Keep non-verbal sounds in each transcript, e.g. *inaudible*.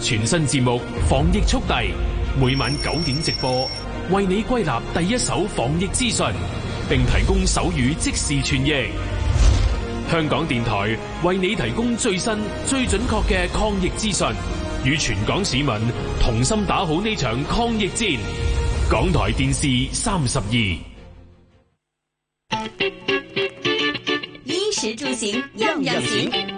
全新節目防疫速遞，每晚九點直播，為你歸納第一手防疫資訊，並提供手語即時傳譯。香港電台為你提供最新、最準確嘅抗疫資訊，與全港市民同心打好呢場抗疫戰。港台電視三十二，衣食住行樣樣行。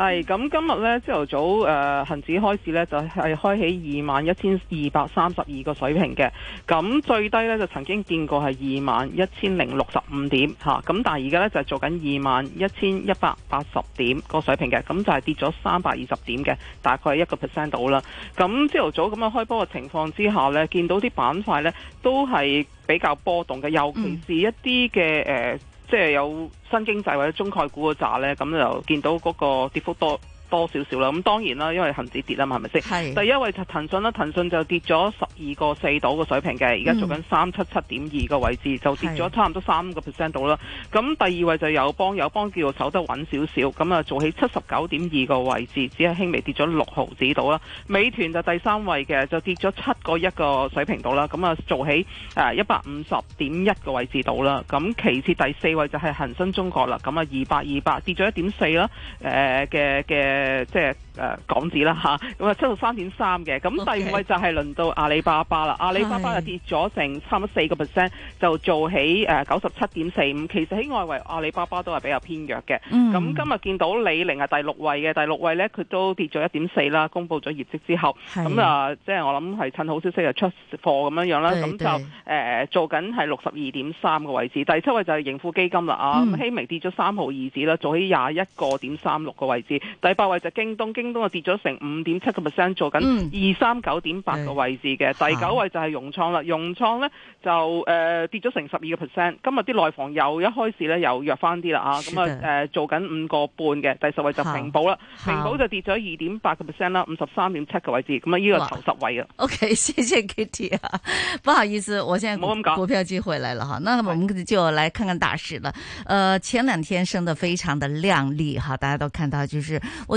係咁，今日咧朝頭早誒恆、呃、指開市咧就係、是、開起二萬一千二百三十二個水平嘅，咁最低咧就曾經見過係二萬一千零六十五點嚇，咁、啊、但係而家咧就係、是、做緊二萬一千一百八十點個水平嘅，咁就係跌咗三百二十點嘅，大概係一個 percent 到啦。咁朝頭早咁樣開波嘅情況之下咧，見到啲板塊咧都係比較波動嘅，尤其是一啲嘅誒。嗯即係有新經濟或者中概股嗰扎咧，咁就見到嗰個跌幅多。多少少啦，咁當然啦，因為恒指跌啊嘛，係咪先？係。第一位騰訊啦，騰訊就跌咗十二個四到個水平嘅，而家做緊三七七點二個位置，就跌咗差唔多三個 percent 到啦。咁第二位就有幫有幫叫守得穩少少，咁啊做起七十九點二個位置，只係輕微跌咗六毫子到啦。美團就第三位嘅，就跌咗七個一個水平到啦，咁啊做起誒一百五十點一個位置到啦。咁其次第四位就係恒生中國啦，咁啊二八二八跌咗一點四啦，誒嘅嘅。誒、呃，即係誒、呃、港紙啦吓，咁啊七到三點三嘅，咁、嗯、第五位就係輪到阿里巴巴啦、okay. 呃，阿里巴巴就跌咗成差唔多四個 percent，就做起誒九十七點四五。其實喺外圍阿里巴巴都係比較偏弱嘅。咁、mm. 今日見到李寧係第六位嘅，第六位咧佢都跌咗一點四啦。公布咗業績之後，咁啊即係我諗係趁好消息就出貨咁樣樣啦。咁就誒、呃、做緊係六十二點三嘅位置。第七位就係盈富基金啦，mm. 啊希微跌咗三毫二指啦，做起廿一個點三六嘅位置。第八位就京東，京東啊跌咗成五點七個 percent，做緊二三九點八個位置嘅、嗯。第九位就係融創啦，融創咧就誒、呃、跌咗成十二個 percent。今日啲內房又一開始咧又弱翻啲啦啊，咁啊誒做緊五個半嘅。第十位就平保啦，平保就跌咗二點八個 percent 啦，五十三點七個位置。咁啊呢個頭十位啊。O、OK, K，謝謝 Kitty 啊，不好意思，我先冇咁講股票機會嚟了吓，那麼我們就來看看大市啦。呃，前兩天升得非常的靚麗哈，大家都看到，就是我。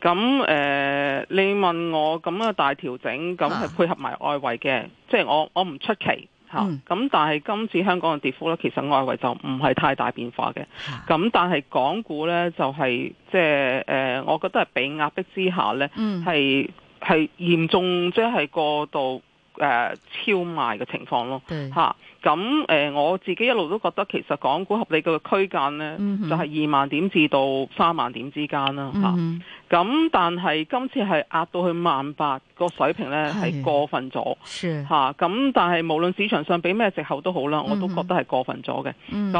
咁誒、呃，你問我咁嘅大調整，咁係配合埋外圍嘅，啊，即係我我唔出奇嚇，啊嗯，但係今次香港嘅跌幅咧，其實外圍就唔係太大變化嘅。咁、啊，但係港股咧就係即係誒，我覺得係被壓迫之下咧，係係嚴重即係、就是、過度誒、呃、超賣嘅情況咯嚇。咁誒、呃，我自己一路都覺得其實港股合理嘅區間呢，mm-hmm. 就係二萬點至到三萬點之間啦，咁但係今次係壓到去萬八個水平呢，係、mm-hmm. 過分咗咁、mm-hmm. 啊、但係無論市場上俾咩借口都好啦，我都覺得係過分咗嘅。咁、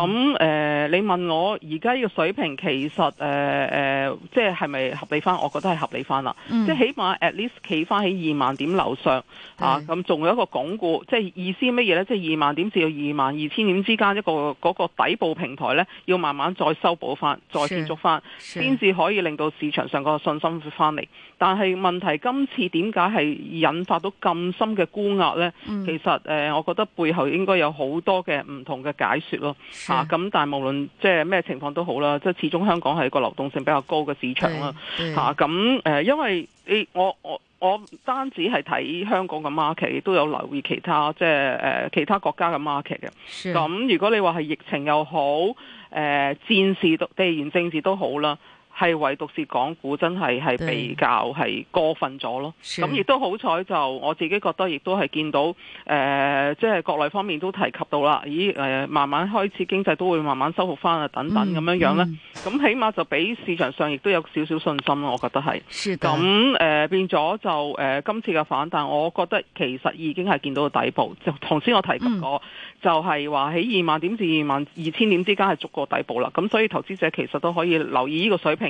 mm-hmm. 誒、啊，你問我而家呢個水平其實誒、呃呃、即係係咪合理翻？我覺得係合理翻啦。Mm-hmm. 即係起碼 at least 企翻喺二萬點樓上咁仲、啊 mm-hmm. 啊、有一個鞏固，即係意思乜嘢呢？即係二萬點。至到二萬二千點之間一個嗰、那個底部平台呢，要慢慢再修補翻，再接觸翻，先至可以令到市場上個信心翻嚟。但係問題今次點解係引發到咁深嘅沽壓呢、嗯？其實誒、呃，我覺得背後應該有好多嘅唔同嘅解說咯。嚇咁、啊，但係無論即係咩情況都好啦，即係始終香港係個流動性比較高嘅市場啦。嚇咁誒，因為誒我、欸、我。我我唔單止係睇香港嘅 market，亦都有留意其他即係、呃、其他國家嘅 market 嘅。咁如果你話係疫情又好，誒、呃、戰事都地緣政治都好啦。係唯獨是港股真係係比較係過分咗咯，咁亦都好彩就我自己覺得，亦都係見到誒，即、就、係、是、國內方面都提及到啦，咦、呃、慢慢開始經濟都會慢慢收復翻啊，等等咁、嗯、樣樣咧，咁、嗯、起碼就比市場上亦都有少少信心咯，我覺得係。咁誒、呃、變咗就誒、呃、今次嘅反彈，我覺得其實已經係見到個底部。就頭先我提及過，嗯、就係話喺二萬點至二萬二千點之間係逐個底部啦。咁所以投資者其實都可以留意呢個水平。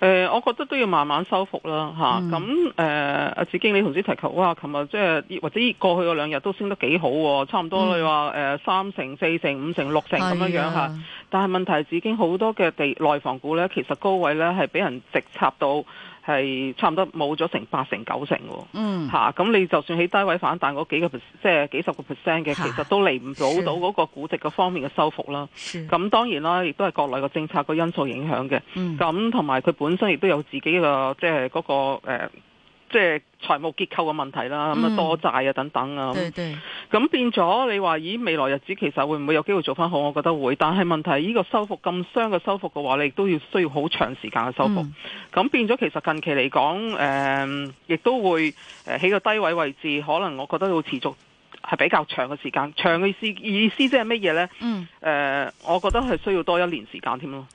誒、呃，我覺得都要慢慢收復啦，咁、啊、誒，阿、嗯呃、子矜你頭先提及哇，琴日即係或者過去嗰兩日都升得幾好喎，差唔多你話誒三成、四、呃、成、五成、六成咁樣樣，但係問題紫經好多嘅地內房股咧，其實高位咧係俾人直插到。係差唔多冇咗成八成九成喎，嗯，吓、啊、咁你就算喺低位反彈嗰幾個即係幾十個 percent 嘅、啊，其實都嚟唔到到嗰個估值個方面嘅收復啦。咁、啊、當然啦，亦都係國內個政策個因素影響嘅，咁同埋佢本身亦都有自己即、嗰個即係嗰個誒即係財務結構嘅問題啦，咁啊多債啊等等啊，咁、嗯、變咗你話，咦未來日子其實會唔會有機會做翻好？我覺得會，但係問題呢個修復咁傷嘅修復嘅話，你亦都要需要好長時間嘅修復。咁、嗯、變咗，其實近期嚟講，誒、呃、亦都會誒喺個低位位置，可能我覺得要持續係比較長嘅時間。長嘅意思意思即係乜嘢呢？嗯，誒、呃，我覺得係需要多一年時間添咯。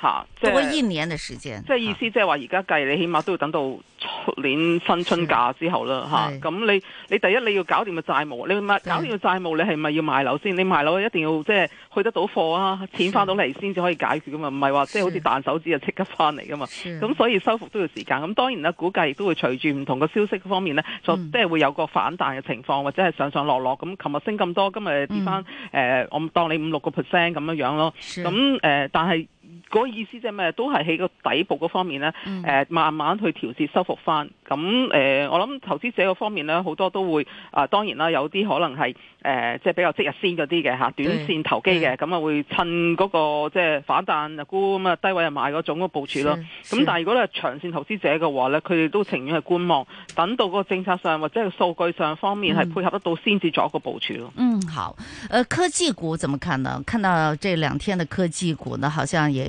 嚇、啊，即係一年嘅時間。即、啊、係意思，即係話而家計你，起碼都要等到出年新春假之後啦，嚇。咁、啊、你你第一你要搞掂個債務，你咪搞掂個債務，你係咪要賣樓先？你賣樓一定要即係去得到貨啊，錢翻到嚟先至可以解決噶嘛，唔係話即係好似彈手指就即刻翻嚟噶嘛。咁所以收復都要時間。咁當然啦、啊，估計亦都會隨住唔同嘅消息方面咧，就、嗯、即係會有個反彈嘅情況，或者係上上落落。咁琴日升咁多，今日跌翻誒，我當你五六個 percent 咁樣樣咯。咁誒、呃，但係。個意思即係咩？都係喺個底部嗰方面咧，誒、呃、慢慢去調節、收復翻。咁誒、呃，我諗投資者嗰方面咧，好多都會啊、呃，當然啦，有啲可能係誒、呃，即係比較即日先嗰啲嘅嚇，短線投機嘅，咁啊會趁嗰、那個即係反彈就沽，咁啊低位啊買嗰種嗰部署咯。咁但係如果你係長線投資者嘅話咧，佢哋都情願係觀望，等到個政策上或者係數據上方面係配合得到先至、嗯、做一個部署咯。嗯，好。誒、呃，科技股怎麼看呢？看到這兩天嘅科技股呢，好像也。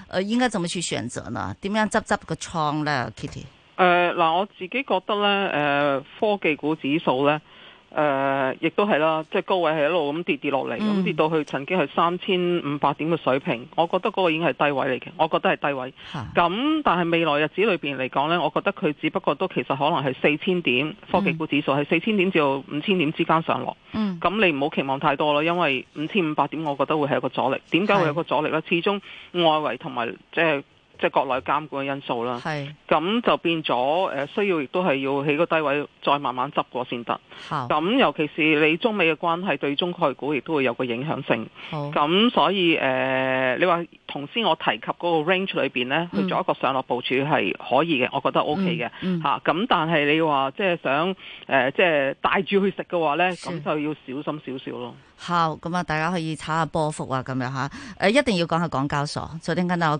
誒、呃，應該怎麼去選擇呢？點樣執執個倉咧，Kitty？呃、嗱、我自己覺得呢誒、呃，科技股指數呢誒、呃，亦都係啦，即係高位係一路咁跌跌落嚟，咁、嗯、跌到去曾經係三千五百點嘅水平，我覺得嗰個已經係低位嚟嘅，我覺得係低位。咁、啊、但係未來日子裏面嚟講呢，我覺得佢只不過都其實可能係四千點，科技股指數係四千點至到五千點之間上落。咁、嗯、你唔好期望太多咯，因為五千五百點，我覺得會係一個阻力。點解會有一個阻力呢？始終外圍同埋即係。就是即係國內監管嘅因素啦，咁就變咗誒，需要亦都係要起個低位再慢慢執過先得。咁尤其是你中美嘅關係對中概股亦都會有個影響性。咁所以誒、呃，你話同先我提及嗰個 range 裏邊咧、嗯，去做一個上落部署係可以嘅，我覺得 O K 嘅嚇。咁、嗯嗯啊、但係你即、呃、即話即係想誒即係帶住去食嘅話咧，咁就要小心少少咯。好，咁啊，大家可以炒下波幅啊，咁樣嚇。誒、啊啊，一定要講下港交所。再聽緊我。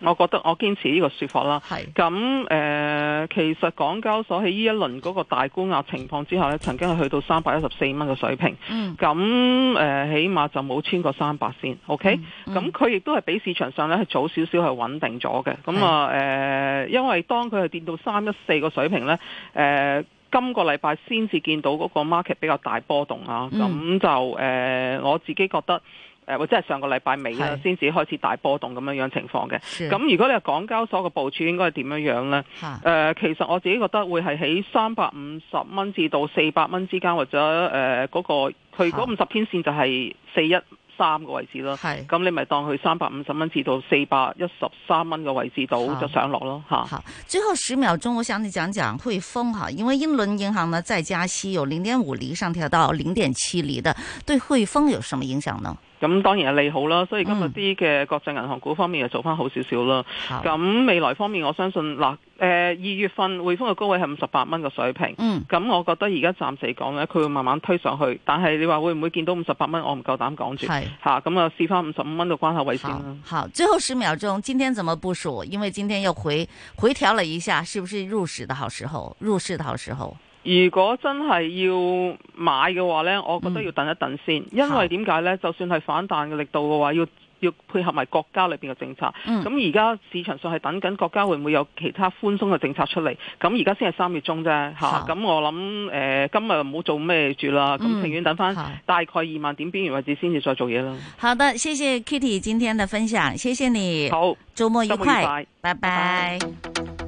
我覺得我堅持呢個說法啦。咁誒、呃，其實港交所喺呢一輪嗰個大沽壓情況之下呢，曾經係去到三百一十四蚊嘅水平。咁、嗯、誒、呃，起碼就冇超過三百先。OK、嗯。咁佢亦都係比市場上呢係早少少係穩定咗嘅。咁啊、呃、因為當佢係跌到三一四個水平呢，誒、呃，今個禮拜先至見到嗰個 market 比較大波動啊。咁、嗯、就誒、呃，我自己覺得。誒，或者係上個禮拜尾先至開始大波動咁樣樣情況嘅。咁如果你係港交所嘅部署，應該係點樣呢？咧？誒、呃，其實我自己覺得會係喺三百五十蚊至到四百蚊之間，或者誒嗰、呃那個佢嗰五十天線就係四一三個位置咯。係咁，那你咪當佢三百五十蚊至到四百一十三蚊嘅位置度就上落咯，嚇。好，最後十秒鐘，我想你講講匯豐嚇，因為英倫銀行呢再加息有零點五厘上調到零點七厘，的，對匯豐有什麼影響呢？咁當然係利好啦，所以今日啲嘅國際銀行股方面又做翻好少少啦。咁、嗯、未來方面，我相信嗱，呃、二月份匯豐嘅高位係五十八蚊嘅水平。嗯。咁我覺得而家暫時嚟講咧，佢會慢慢推上去，但係你話會唔會見到五十八蚊？我唔夠膽講住。係。嚇咁啊，試翻五十五蚊嘅關口位先啦。好，最後十秒鐘，今天怎麼部署？因為今天又回回調了一下，是不是入市的好時候？入市的好時候。如果真係要買嘅話呢，我覺得要等一等先，嗯、因為點解呢、嗯？就算係反彈嘅力度嘅話，要要配合埋國家裏邊嘅政策。咁而家市場上係等緊國家會唔會有其他寬鬆嘅政策出嚟？咁而家先係三月中啫，嚇。咁、啊、我諗誒、呃，今日唔好做咩住啦，咁情願等翻大概二萬點邊緣位置先至再做嘢啦。好的，謝謝 Kitty 今天嘅分享，謝謝你。好，周末愉快，拜拜。拜拜。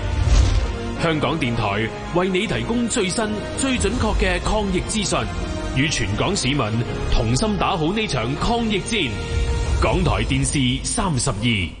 香港電台為你提供最新、最準確嘅抗疫資訊，與全港市民同心打好呢場抗疫戰。港台電視三十二。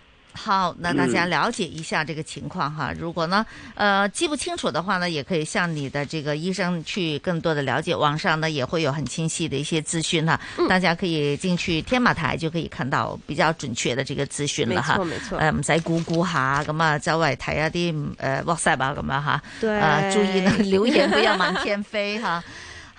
好，那大家了解一下這個情況哈、嗯。如果呢，呃，記不清楚的話呢，也可以向你的這個醫生去更多的了解。網上呢也會有很清晰的一些資訊哈、嗯，大家可以進去天馬台就可以看到比較準確的這個資訊了哈。沒錯沒錯，誒，我們再 google 下，咁啊，周圍睇一啲誒 WhatsApp 啊咁樣啊，注意呢，流言不要滿天飛哈。 *laughs*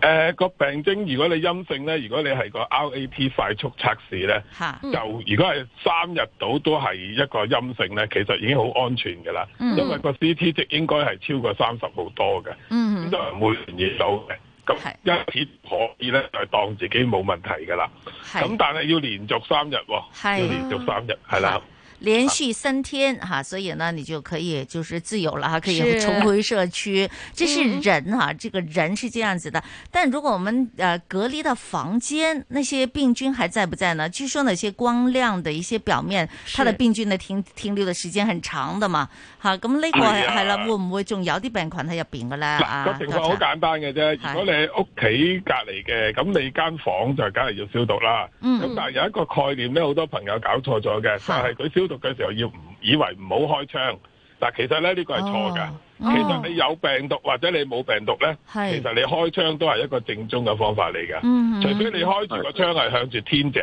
誒、呃，個病徵如果你陰性咧，如果你係個 RAT 快速測試咧，就如果係三日到都係一個陰性咧，其實已經好安全噶啦、嗯。因為個 CT 值應該係超過三十好多嘅、嗯，都係唔會傳染到嘅。咁、嗯、一撇可以咧，就是、當自己冇問題噶啦。咁但係要連續三日、哦啊，要連續三日係啦。是連續三天哈、啊啊，所以呢，你就可以就是自由啦，可以重回社區。是這是人哈、嗯啊，這個人是這樣子的。但如果我們，呃，隔離的房間，那些病菌還在不在呢？據說那些光亮的一些表面，它的病菌的停停留的時間很長的嘛。哈，咁、啊，這個哎、呢個係啦，會唔會仲有啲病菌喺入邊嘅咧？嗱，個情況好簡單嘅啫、啊。如果你喺屋企隔離嘅，咁你間房就梗係要消毒啦。咁、嗯嗯、但係有一個概念呢，好多朋友搞錯咗嘅，就係佢消。毒嘅時候要唔以為唔好開窗，但其實咧呢、呢個係錯噶。Oh. Oh. 其實你有病毒或者你冇病毒咧，其實你開窗都係一個正宗嘅方法嚟噶。Mm-hmm. 除非你開住個窗係向住天井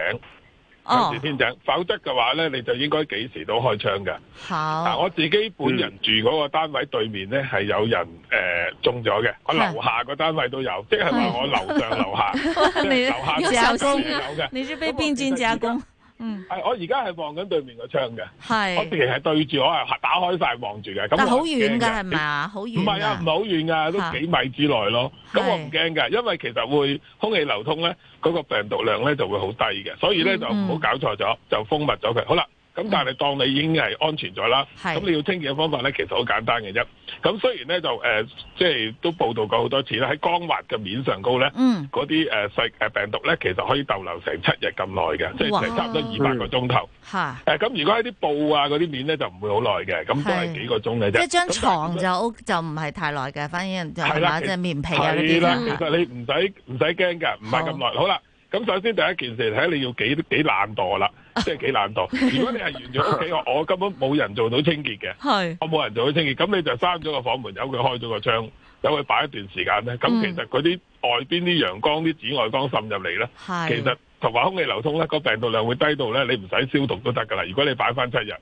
，oh. 向住天井，否則嘅話咧，你就應該幾時都開窗噶。嗱、oh. 啊，我自己本人住嗰個單位對面咧係有人誒、呃、中咗嘅，我樓下個單位都有，是即係話我樓上樓下都 *laughs* 有中 *laughs* 啊。你知、啊、被病菌加工。嗯嗯，係我而家係望緊對面個窗嘅，我其實係對住我係打開晒望住嘅，咁但係好遠噶係咪啊？好遠？唔係啊，唔係好遠噶，都幾米之內咯。咁我唔驚噶，因為其實會空氣流通咧，嗰個病毒量咧就會好低嘅，所以咧就唔好搞錯咗，就封密咗佢。好啦。咁、嗯、但係當你已經係安全咗啦，咁、嗯、你要清潔嘅方法咧，其實好簡單嘅啫。咁雖然咧就、呃、即係都報道過好多次啦，喺光滑嘅面上高咧，嗰啲誒細誒病毒咧，其實可以逗留成七日咁耐嘅，即係差唔多二百個鐘頭。咁、嗯呃、如果喺啲布啊嗰啲面咧，就唔會好耐嘅，咁都係幾個鐘嘅啫。即係張床就就唔係太耐嘅，反正就話隻、就是、棉被啊啲。係啦，其實你唔使唔使驚㗎，唔係咁耐。好啦，咁首先第一件事睇你要幾幾懶惰啦。即係幾難度。如果你係完全屋企， *laughs* 我根本冇人做到清潔嘅，我冇人做到清潔。咁你就閂咗個房門，由佢開咗個窗，由佢擺一段時間咧。咁其實嗰啲外邊啲陽光、啲紫外光滲入嚟咧，其實同埋空氣流通咧，個病毒量會低到咧，你唔使消毒都得㗎啦。如果你擺翻七日。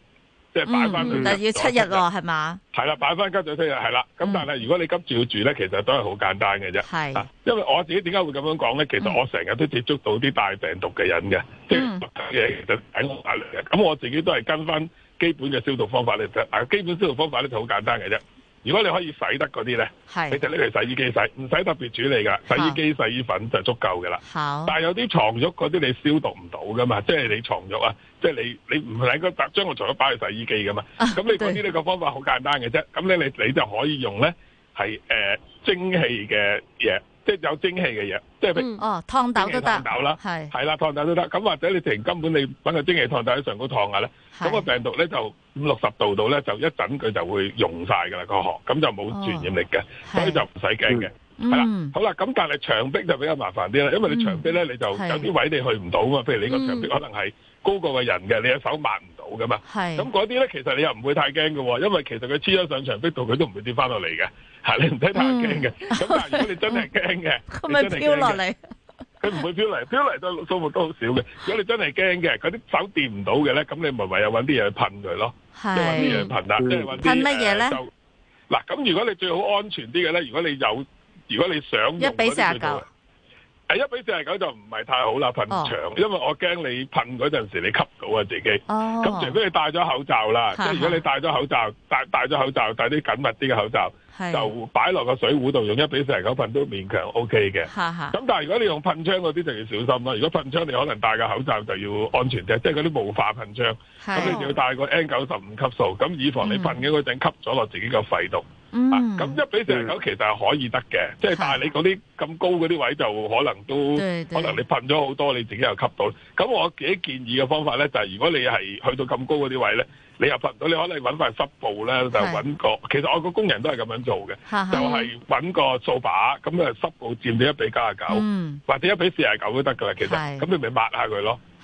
即係擺翻佢啦，嗯、但要七日係嘛？係啦，擺翻跟住七日係啦。咁、嗯、但係如果你急住要住咧，其實都係好簡單嘅啫。係、啊，因為我自己點解會咁樣講咧？其實我成日都接觸到啲帶病毒嘅人嘅，即係嘢其實喺屋企嚟嘅。咁我自己都係跟翻基本嘅消毒方法嚟嘅，但基本消毒方法咧就好簡單嘅啫。如果你可以洗得嗰啲咧，你就拎嚟洗衣機洗，唔使特別處理㗎，洗衣機洗衣粉就足夠㗎啦。好，但係有啲床褥嗰啲你消毒唔到㗎嘛，即係你床褥啊，即係你你唔係應該將個牀褥擺去洗衣機㗎嘛。咁、啊、你嗰啲呢個方法好簡單嘅啫，咁咧你你就可以用咧係誒蒸汽嘅嘢。即係有蒸汽嘅嘢，即係、嗯、哦，燙斗都得，燙斗啦，係係啦，燙斗都得。咁或者你停，根本你搵個蒸汽燙斗喺上高燙下咧，咁、嗰個病毒咧就五六十度度咧就一陣佢就會溶晒㗎啦個殼，咁就冇傳染力嘅、哦，所以就唔使驚嘅。係啦，好啦，咁但係牆壁就比較麻煩啲啦，因為你牆壁咧，你就有啲位你去唔到嘛，譬如你個牆壁可能係高過個人嘅，你嘅手抹唔到噶嘛。係咁嗰啲咧，其實你又唔會太驚嘅，因為其實佢黐咗上牆壁度，佢都唔會跌翻落嚟嘅。吓，你唔使太驚嘅。咁但係如果你真係驚嘅，咁咪飄落嚟？佢唔會飄嚟，飄嚟都數目都好少嘅。如果你真係驚嘅，嗰啲手掂唔到嘅咧，咁你咪唯有揾啲嘢去噴佢咯，即係揾啲嘢去噴啦，即係噴乜嘢咧？嗱，咁如果你最好安全啲嘅咧，如果你有。如果你想用一比四十九，誒、哎，一比四十九就唔係太好啦，噴牆，oh. 因為我驚你噴嗰陣時候你吸到啊自己。哦，咁除非你戴咗口罩啦，oh. 即係如果你戴咗口罩，戴戴咗口罩，戴啲緊密啲嘅口罩，oh. 就擺落個水壺度用一比四十九噴都勉強 O K 嘅。咁、oh. 但係如果你用噴槍嗰啲就要小心啦，如果噴槍你可能戴個口罩就要安全啲，即係嗰啲霧化噴槍，咁、oh. 你就要戴個 N 九十五級數，咁以防你噴嘅嗰陣吸咗落自己個肺度。咁、嗯啊、一比四十九其實係可以得嘅，即係但係你嗰啲咁高嗰啲位就可能都，可能你噴咗好多你自己又吸到。咁我自己建議嘅方法咧，就係、是、如果你係去到咁高嗰啲位咧，你又噴唔到，你可能搵塊濕布咧就搵、是、個，其實我個工人都係咁樣做嘅，就係、是、搵個掃把咁啊濕布佔咗一比九十九，或者一比四十九都得噶啦，其實，咁你咪抹下佢咯。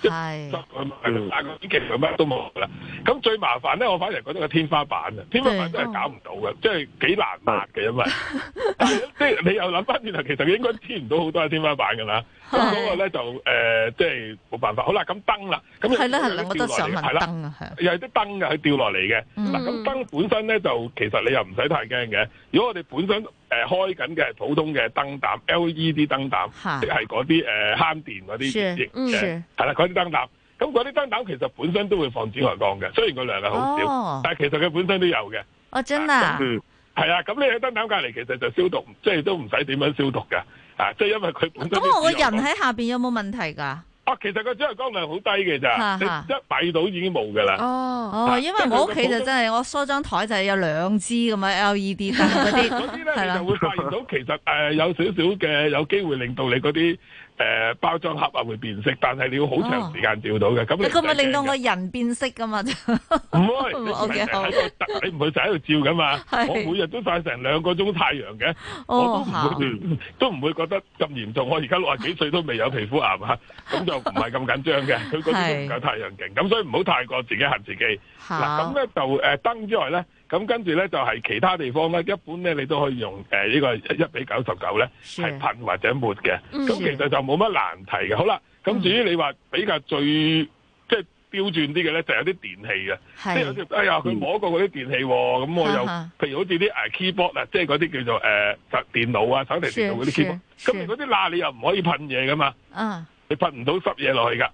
即係但係其實佢乜都冇噶啦。咁、嗯、最麻煩咧，我反而覺得個天花板啊，天花板真係搞唔到嘅，即係幾難抹嘅，因為即係 *laughs* 你又諗翻轉頭，其實應該黐唔到好多係天花板噶啦。即、嗯、嗰、那個咧就誒、呃，即係冇辦法。好啦，咁燈啦，咁係啦係啦，我都想問燈，是是是燈、嗯、啊，係啊，又係啲燈嘅，佢掉落嚟嘅。嗱，咁燈本身咧就其實你又唔使太驚嘅。如果我哋本身誒、呃、開緊嘅係普通嘅燈膽，LED 燈膽，即係嗰啲誒慳電嗰啲型嘅。嗯，係啦，嗰啲燈膽，咁嗰啲燈膽其實本身都會放紫外光嘅、嗯。雖然個量係好少，哦、但係其實佢本身都有嘅。哦，真啊。嗯。係啊，咁、就是、你喺燈膽隔籬其實就是消毒，即、就、係、是、都唔使點樣消毒嘅。啊、即係因為佢咁多啲，咁、啊、我個人喺下邊有冇問題㗎？啊，其實個紫外光量好低嘅咋，啊、你一閉到已經冇㗎啦。哦、啊、哦、啊啊，因為我屋企就真係我梳妝台就係有兩支咁嘅 *laughs* LED 燈嗰啲，嗰啲咧就會發現到，其實誒、呃、有少少嘅有機會令到你嗰啲。誒，包裝盒啊會變色，但係你要好長時間照到嘅。咁你佢咪令到個人變色噶嘛？唔會，你唔係成日喺度，你唔會成日喺度照噶嘛。我每日都曬成兩個鐘太陽嘅，我都唔會，都唔會覺得咁嚴重。我而家六十幾歲都未有皮膚癌啊，咁就唔係咁緊張嘅。佢嗰啲唔夠太陽勁，咁所以唔好太過自己吓自己。嗱，咁咧就誒，燈之外咧。咁跟住咧就係、是、其他地方咧，一般咧你都可以用誒、呃這個、呢個一比九十九咧，係噴或者抹嘅。咁其實就冇乜難題嘅。好啦，咁至於你話、嗯、比較最即係標準啲嘅咧，就是、有啲電器嘅，即有啲哎呀，佢摸過嗰啲電器喎、哦，咁、嗯、我又譬如好似啲 keyboard 啊，即係嗰啲叫做誒、呃、電電腦啊，手提電腦嗰啲 keyboard。咁如果啲罅你又唔可以噴嘢㗎嘛、啊，你噴唔到濕嘢落去㗎。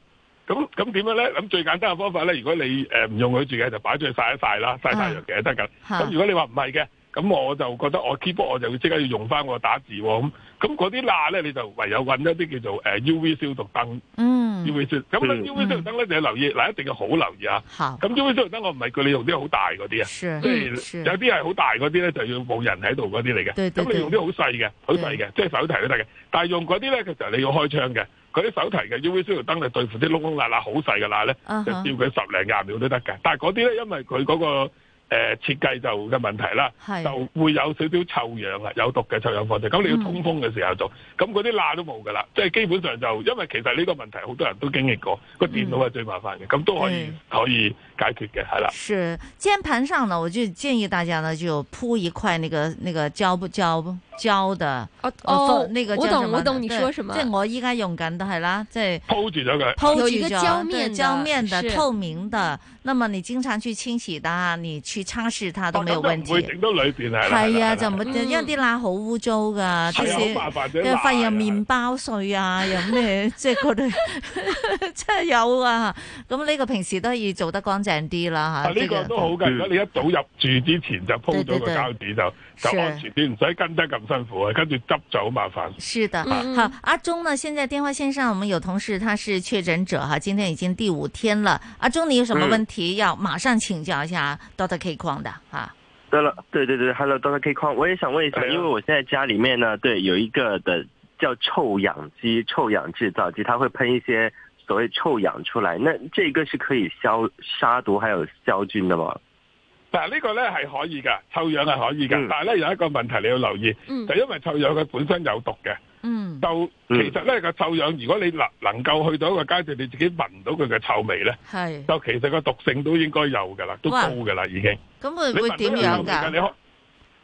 咁咁點樣咧？咁最簡單嘅方法咧，如果你誒唔、呃、用佢住嘅，就擺出去曬一曬啦，曬曬藥嘅得噶。咁、啊、如果你話唔係嘅，咁我就覺得我 keyboard 我就要即刻要用翻我打字喎、哦。咁咁嗰啲罅咧，你就唯有揾一啲叫做誒、呃、U V 消毒燈。嗯、U V 消咁 U V 消毒燈咧、嗯、你要留意，嗱一定要好留意啊。咁 U V 消毒燈我唔係叫你用啲好大嗰啲啊，即係有啲係好大嗰啲咧，就要冇人喺度嗰啲嚟嘅。對咁你用啲好細嘅，好細嘅，即係手提都得嘅。但係用嗰啲咧，其實你要開窗嘅。嗰啲手提嘅 UV 消毒燈嚟對付啲窿窿罅罅好細嘅罅咧，uh-huh. 就照佢十零廿秒都得嘅。但係嗰啲咧，因為佢嗰、個、呃、設計就嘅問題啦，就會有少少臭氧啊，有毒嘅臭氧分子。咁你要通風嘅時候做。咁嗰啲罅都冇噶啦，即、就、係、是、基本上就因為其實呢個問題好多人都經歷過，個、mm. 電腦係最麻煩嘅。咁都可以、mm. 可以。可以解決嘅係啦，是鍵盤上呢，我就建議大家呢就鋪一塊那個那個膠布、膠膠的哦哦，那個叫什麼我懂、哦、我懂，即係我依家用緊都係啦，即係鋪住咗佢，鋪住個膠面膠面的，的透明的，那麼你經常去清洗它、啊，你去擦拭它都沒有問題。會係啊，那就唔、嗯，因為啲罅好污糟噶，即係發現有麵包碎啊， *laughs* 有咩即係佢哋，即、這、係、個、 *laughs* 有啊，咁呢個平時都可以做得乾。正啲啦嚇，呢、這個都好噶，如、嗯、果你一早入住之前就鋪咗個膠紙就就安全啲，唔使跟得咁辛苦啊，跟住執就好麻煩。是的，啊嗯、好，阿忠呢？現在電話線上，我們有同事他是確診者哈，今天已經第五天了。阿忠，你有什麼問題、嗯、要馬上請教一下 Doctor K Kwong 的啊？對了，對對對，Hello Doctor K Kwong 我也想問一下，因為我現在家裡面呢，對有一個的叫臭氧機、臭氧製造機，它會噴一些。所謂臭氧出來，呢個是可以消殺毒還有消菌嘅嘛？但係呢個呢係可以噶，臭氧係可以噶，嗯，但係呢，有一個問題你要留意，嗯、就因為臭氧佢本身有毒嘅，嗯，就其實呢個臭氧如果你能能夠去到一個階段，你自己聞到佢嘅臭味呢，嗯、就其實個毒性都應該有噶啦，都高噶啦已經。咁，嗯、會點樣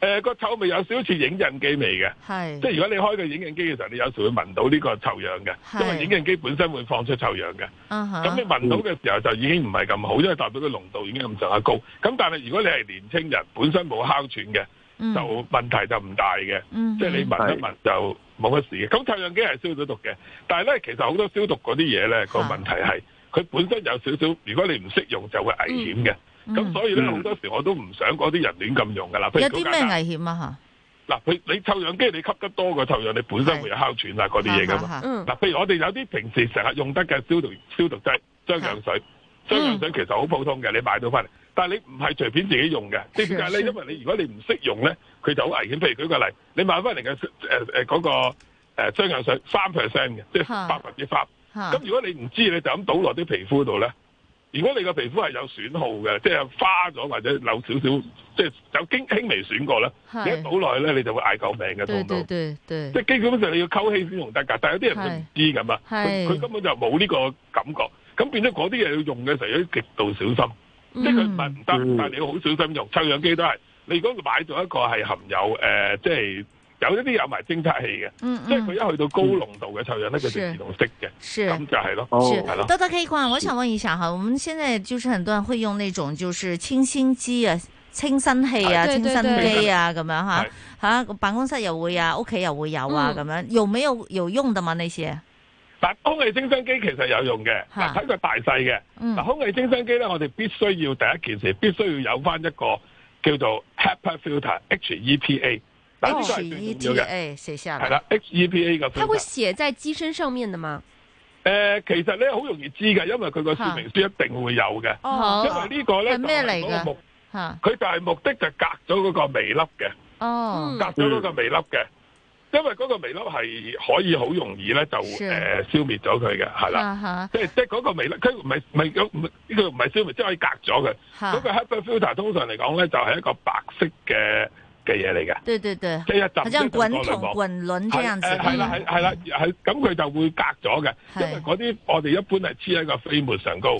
誒個臭味有少少似影印機味嘅，即係如果你開個影印機嘅時候，你有時會聞到呢個臭氧嘅，因為影印機本身會放出臭氧嘅。咁你聞到嘅時候就已經唔係咁好，因為代表佢濃度已經咁上下高。咁但係如果你係年青人，本身冇哮喘嘅，就問題就唔大嘅。即係你聞一聞就冇乜事嘅。咁臭氧機係消咗毒嘅，但係咧其實好多消毒嗰啲嘢咧個問題係，佢本身有少少，如果你唔識用就會危險嘅。咁、嗯、所以咧，好、嗯、多時我都唔想嗰啲人亂咁用噶啦。譬如有啲咩危險啊？吓嗱，譬如你臭氧機，你吸得多個臭氧，你本身會有哮喘啊嗰啲嘢噶嘛。嗱，譬如我哋有啲平時成日用得嘅消毒消毒劑、雙氧水、雙氧水其實好普通嘅，你買到翻嚟，但係你唔係隨便自己用嘅。點解咧？因為你如果你唔識用咧，佢就好危險。譬如舉個例，你買翻嚟嘅誒誒嗰個誒雙氧水三 percent 嘅，即係百分之三。咁如果你唔知，你就咁倒落啲皮膚度咧。如果你個皮膚係有損耗嘅，即係花咗或者漏少少，即係有輕輕微損過咧，你一倒落去咧，你就會嗌救命嘅痛到。對對對，即係基本上你要溝稀先用得㗎。但係有啲人唔知咁啊，佢根本就冇呢個感覺，咁變咗嗰啲嘢要用嘅時候要極度小心。即係佢唔係唔得，但係你要好小心用抽氧機都係。你如果買咗一個係含有誒，即係。有一啲有埋偵測器嘅，即係佢一去到高濃度嘅臭氧咧，佢、嗯、就是自動熄嘅。咁就係咯，係、哦、咯。Dr. K Kwong，我想問一下哈，我們現在就是很多人會用那種就是清新機啊、清新器啊、清新機啊咁、哎啊、樣嚇嚇、啊，辦公室又會啊，屋企又會有啊咁、嗯、樣，有沒有有用嘅嘛？呢些嗱空氣清新機其實有用嘅，嗱睇佢大細嘅。嗱、啊嗯，空氣清新機咧，我哋必須要第一件事必須要有翻一個叫做、HEPA filter, HEPA filter H E P A。HEPA 寫下來。係啦 HEPA 個 filter 佢會寫在機身上面嘅嘛？誒、呃，其實咧好容易知噶，因為佢個說明書一定會有嘅。哦。因為呢個呢、就是、個咧目，目的，佢就係目的就隔咗嗰個微粒嘅。哦。隔咗嗰個微粒嘅、嗯，因為嗰個微粒係可以好容易咧就誒、呃、消滅咗佢嘅，係啦。即即嗰個微粒，佢唔係唔係呢個唔係消滅，即、就、係、是、可以隔咗佢。嗰、那個 HEPA filter 通常嚟講咧就係、是、一個白色嘅。嘅嘢嚟嘅，即係一集，好似滾筒、滾輪這樣子。係啦，係啦，係咁，佢就會隔咗嘅。因為嗰啲我哋一般係黐喺個飛沫上高，又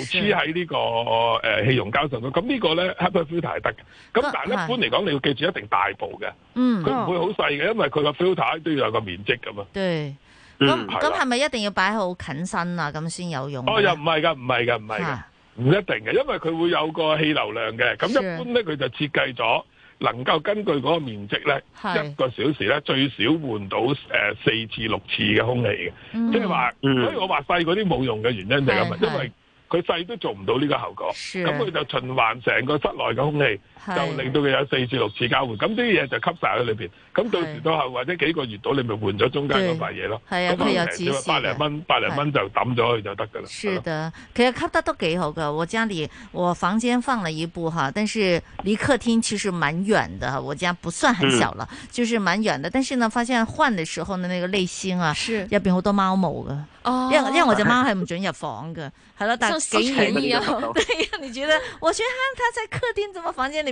黐喺呢個誒氣溶膠上高。咁呢個咧，HEPA filter 係得嘅。咁但係一般嚟講，你要記住一定大部嘅。嗯，佢唔會好細嘅，因為佢個 filter 都要有個面積咁嘛。對，咁咁係咪一定要擺好近身啊？咁先有用？哦，又唔係噶，唔係噶，唔係噶，唔一定嘅，因為佢會有個氣流量嘅。咁一般咧，佢就設計咗。能夠根據嗰個面積咧，一個小時咧最少換到誒、呃、四至六次嘅空氣嘅，即係話，所以我話細嗰啲冇用嘅原因就係咁，因為佢細都做唔到呢個效果，咁佢就循環成個室內嘅空氣。嗯就令到佢有四至六次交換，咁啲嘢就吸晒喺裏邊。咁到時到後或者幾個月到，你咪換咗中間嗰塊嘢咯。係啊，佢有智商。百零蚊，百零蚊就抌咗去就得噶啦。是的，其實吸得都幾好噶。我家裏我房間放了一部哈，但是離客廳其實蠻遠的。我家不算很小了，是就是蠻遠的。但是呢，發現換的時候呢，那個內芯啊，入邊好多貓毛嘅。哦。因為我隻貓係唔准入房嘅，係 *laughs* 咯，但係 *laughs* 你覺得？我覺得它在客廳怎麼房間 *laughs*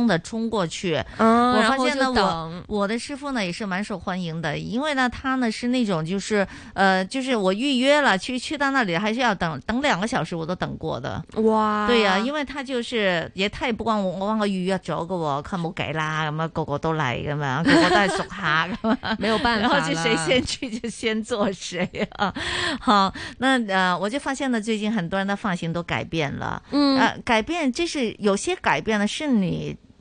風的衝過去，嗯，然後就等，我發現呢，我我的師傅呢也是蠻受歡迎的，因爲呢，他呢是那種就是呃，就是我預約了去去到那裏還是要等等兩個小時，我都等過的哇，對呀、啊，因爲他就是也太不光我我忘了預約找個我看不計啦，咁麼個個都來咁嘛，個個都係熟客咁， *laughs* 沒有辦法然後就誰先去就先做誰啊，好，那呃我就發現呢，最近很多人的髮型都改變了，嗯，呃，改變這、就是有些改變呢，是你。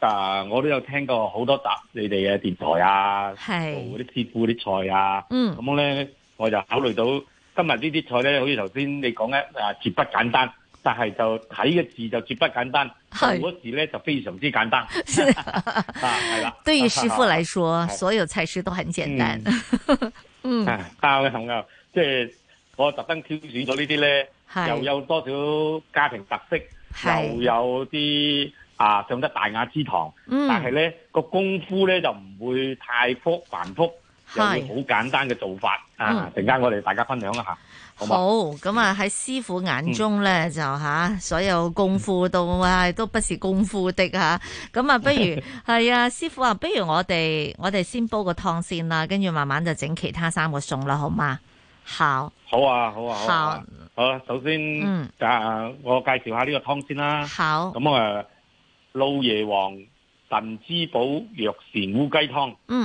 啊！我都有聽過好多集你哋嘅電台啊，做嗰啲師傅啲菜啊。嗯，咁樣咧，我就考慮到今日呢啲菜咧，好似頭先你講嘅啊，絕不簡單，但係就睇嘅字就絕不簡單，做嗰字咧就非常之簡單。係啦、啊啊。對於師傅嚟說， *laughs* 所有菜式都很簡單。嗯，教嘅紅牛，即、啊、係、就是、我特登挑選咗呢啲咧，又有多少家庭特色，又有啲。啊，上得大雅之堂，嗯、但係咧個功夫咧就唔會太複繁複，又要好簡單嘅做法、嗯、啊！陣間我哋大家分享一下，好嘛？好咁啊！喺師傅眼中咧、嗯、就吓、啊，所有功夫都啊都不是功夫的吓。咁啊，啊，不如係 *laughs* 啊，師傅啊，不如我哋我哋先煲個湯先啦，跟住慢慢就整其他三個餸啦，好嘛？好，好啊，好啊，好啊！好啦、啊，首先、嗯、啊，我介紹下呢個湯先啦。好，咁、啊、我老椰皇燉滋補藥膳烏雞湯，咁、嗯、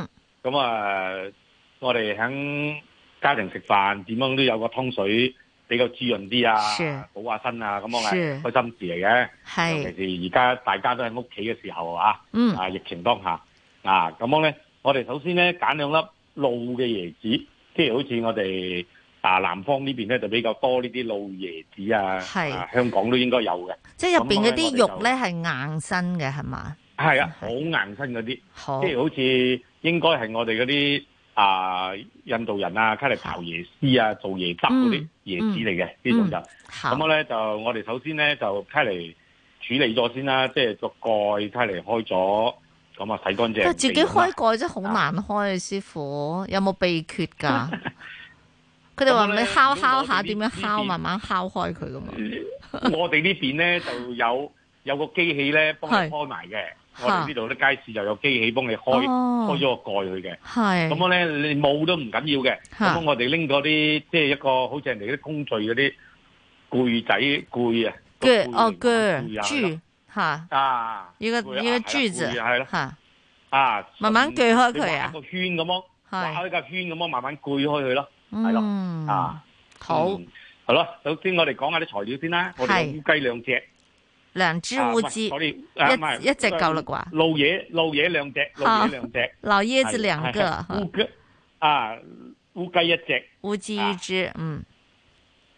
啊，我哋喺家庭食飯，點樣都有個湯水比較滋潤啲啊，補下身啊，咁我係開心事嚟嘅。尤其是而家大家都喺屋企嘅時候啊，嗯、啊疫情當下啊，咁樣咧，我哋首先咧揀兩粒老嘅椰子，即係好似我哋。啊，南方呢邊咧就比較多呢啲老椰子啊，啊香港都應該有嘅。即係入面嗰啲肉咧係硬身嘅係嘛？係啊，就是、好硬身嗰啲，即係好似應該係我哋嗰啲啊，印度人啊，揩嚟刨椰絲啊，做椰汁嗰啲、嗯、椰子嚟嘅呢種就。咁、嗯、我咧就我哋首先咧就揩嚟處理咗先啦，即係個蓋揩嚟開咗，咁啊洗乾淨。自己開蓋真係好難開，師傅有冇秘訣㗎？佢哋話咪敲敲下，點樣敲、嗯、慢慢敲開佢。我哋呢邊咧 *laughs* 就有有個機器咧幫你開埋嘅。我哋呢度啲街市就有機器幫你開、哦、開咗個蓋佢嘅。係咁樣咧，你冇都唔緊要嘅。咁我哋拎嗰啲即係一個好似人哋啲工具嗰啲鋸仔鋸、哦、啊，鋸哦鋸鋸啊，鋸啊，鋸啊，鋸啊，鋸啊，鋸啊，鋸啊，慢慢鋸啊，佢，啊，鋸圈鋸啊，鋸啊，圈啊，鋸慢慢啊，鋸啊，鋸啊，係、嗯、咯，啊好，嗯、好咯。首先我哋講下啲材料先啦。係烏雞兩隻，兩隻烏雞，我哋、啊、一、啊、一隻夠喇啩？老嘢，老嘢兩隻，老嘢兩隻，老椰子兩個，烏龜啊烏雞一隻，烏雞一隻，嗯。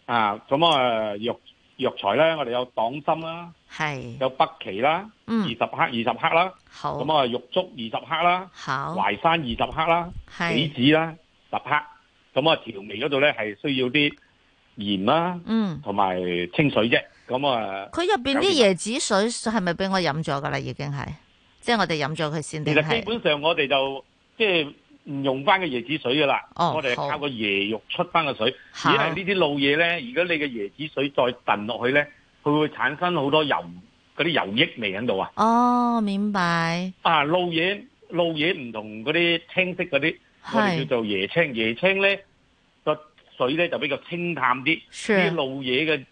啊，咁啊藥藥材咧，我哋有黨參啦，係有北芪啦，二十克二十克啦，好。咁啊玉竹二十克啦，好淮山二十克啦，杞子啦十克。咁啊，調味嗰度咧係需要啲鹽啦、啊，嗯，同埋清水啫。咁啊，佢入面啲椰子水係咪俾我飲咗㗎啦？已經係，即係我哋飲咗佢先。其實基本上我哋就即係唔用翻個椰子水㗎啦。哦，我哋係靠個椰肉出翻個水。嚇。只係呢啲老嘢咧，如果你嘅椰子水再燉落去咧，佢會，會產生好多油嗰啲油膉味喺度啊。哦，明白。啊，老嘢，老嘢唔同嗰啲青色嗰啲。我哋叫做椰青，椰青咧個水咧就比較清淡啲，啲老嘢嘅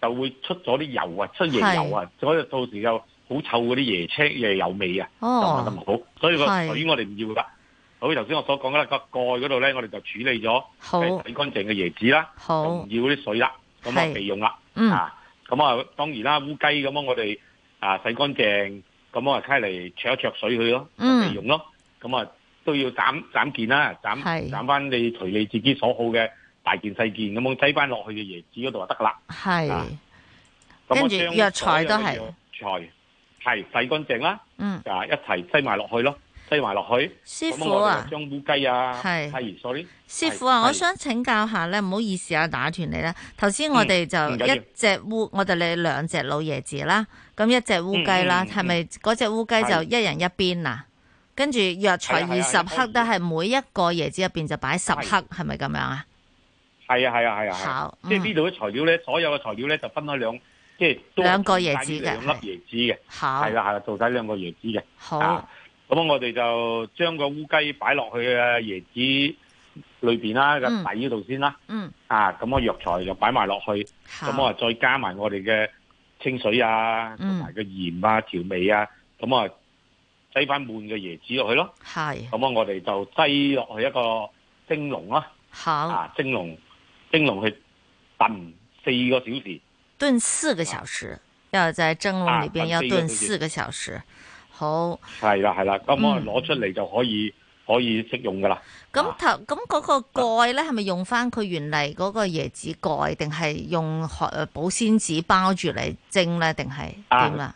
就會出咗啲油啊，出椰油啊，所以到時就好臭嗰啲椰青椰油味啊，oh. 就唔好，所以個水我哋唔要噶。好似頭先我所講啦，個蓋嗰度咧，我哋就處理咗，洗乾淨嘅椰子啦，唔要啲水啦，咁啊備用啦，嗯，啊，咁啊當然啦，烏雞咁樣我哋啊洗乾淨，咁我啊揩嚟焯一焯水佢咯，備用咯，咁啊。都要斬斬件啦，斬斬翻，你隨你自己所好嘅大件細件咁樣擠翻落去嘅椰子嗰度就得㗎、啊、啦。係、嗯，跟住藥材都係藥材，係洗乾淨啦，啊一齊擠埋落去咯，擠埋落去。師傅啊，將烏雞啊，係係。Sorry, 師傅啊，我想請教下咧，唔好意思啊，打斷你啦。頭先我哋就、嗯、一隻烏、啊，我哋兩隻老椰子啦，咁一隻烏雞啦，係咪嗰隻烏雞就一人一邊啊？跟住藥材二十克都係每一個椰子入邊就擺十克，係咪咁樣啊？係啊係啊係啊！好，嗯、即係呢度嘅材料咧，所有嘅材料咧就分開兩，即係兩,兩個椰子嘅，兩粒椰子嘅，係啦係啦，做晒兩個椰子嘅。好，咁、啊、我哋就將個烏雞擺落去嘅椰子裏邊啦，個底依度先啦。嗯，啊，咁我藥材就擺埋落去，咁我再加埋我哋嘅清水啊，同埋個鹽啊調味啊，咁、嗯、我。擠翻滿嘅椰子落去咯。係，咁啊我哋就擠落去一個蒸籠啦、啊，吓，啊蒸籠蒸籠去燉四個小時，燉四個小時，要在蒸籠裏邊要燉四個小時，好，係啦係啦，咁我攞出嚟就可以、嗯、可以食用噶啦，咁、嗯、頭咁嗰個蓋咧係咪用翻佢原嚟嗰個椰子蓋，定係用誒保鮮紙包住嚟蒸咧，定係點啦？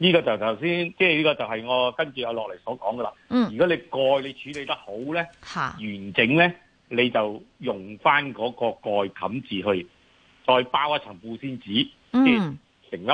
呢個就頭先，即係呢個就係我跟住阿樂嚟所講嘅啦。嗯，如果你蓋你處理得好咧，哈完整咧，你就用翻嗰個蓋冚住去，再包一層保鮮紙。嗯，成粒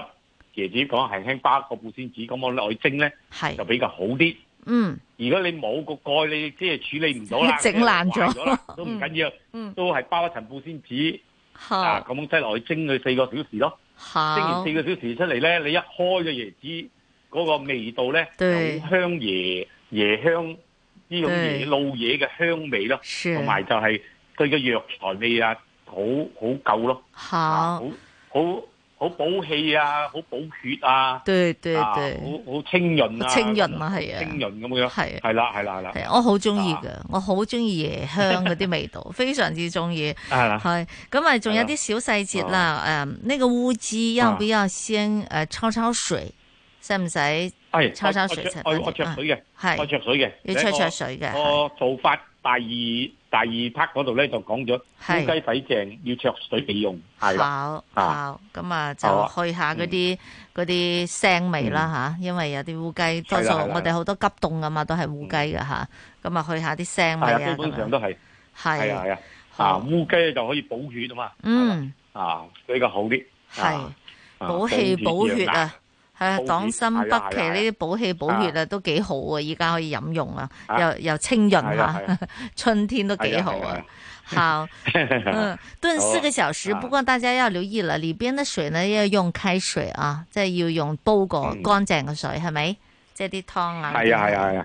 椰子講係輕包一個保鮮紙，咁我落去蒸咧，係就比較好啲。嗯，如果你冇個蓋，你即係處理唔到啦，整爛咗都唔緊要，都係包一層保鮮紙，嚇咁樣即係落去蒸佢四個小時咯。蒸完四個小時出嚟咧，你一開咗椰子嗰、那個味道咧，有香椰椰香呢種椰老椰嘅香味咯，同埋就係佢嘅藥材味啊，好好夠咯，好、啊、好。好好補氣啊，好補血啊，對對對，啊、好好清潤啊，啊，啊，清潤啊係啊，清潤咁樣，係啊，係啦係啦係啦，我好中意噶，啊、我好中意椰香嗰啲味道， *laughs* 非常之中意，係啦，係，咁啊仲有啲小細節啦，誒呢個烏雞有冇要先誒焯焯水，使唔使？係焯焯水，我我焯水嘅，係焯水嘅，要焯焯水嘅、嗯，我做法第二。第二 part 嗰度咧就講咗烏雞洗淨，要焯水備用。係啦，啊，咁啊、嗯、就去一下嗰啲啲腥味啦嚇、嗯，因為有啲烏雞、嗯、多數係啊係啊我哋好多急凍啊嘛，都係烏雞嘅嚇，咁、嗯、啊去下啲腥味、啊、基本上都係。係啊係啊，啊烏雞就可以補血啊嘛。嗯。啊，比較好啲。係補、啊、氣補血啊！係、哎、啊，黨參、北芪、哎、呢啲補氣補血啊，都幾好啊！依、哎、家可以飲用啊，哎、呀又又清潤吓，哎、呀 *laughs* 春天都幾好啊。哎、呀好、哎呀，嗯，燉、哎、四個小時、哎，不過大家要留意啦，裏、哎、邊的水呢要用開水啊，即、就、係、是、要用煲過乾淨嘅水，係咪？即係啲湯啊。係啊係啊係啊。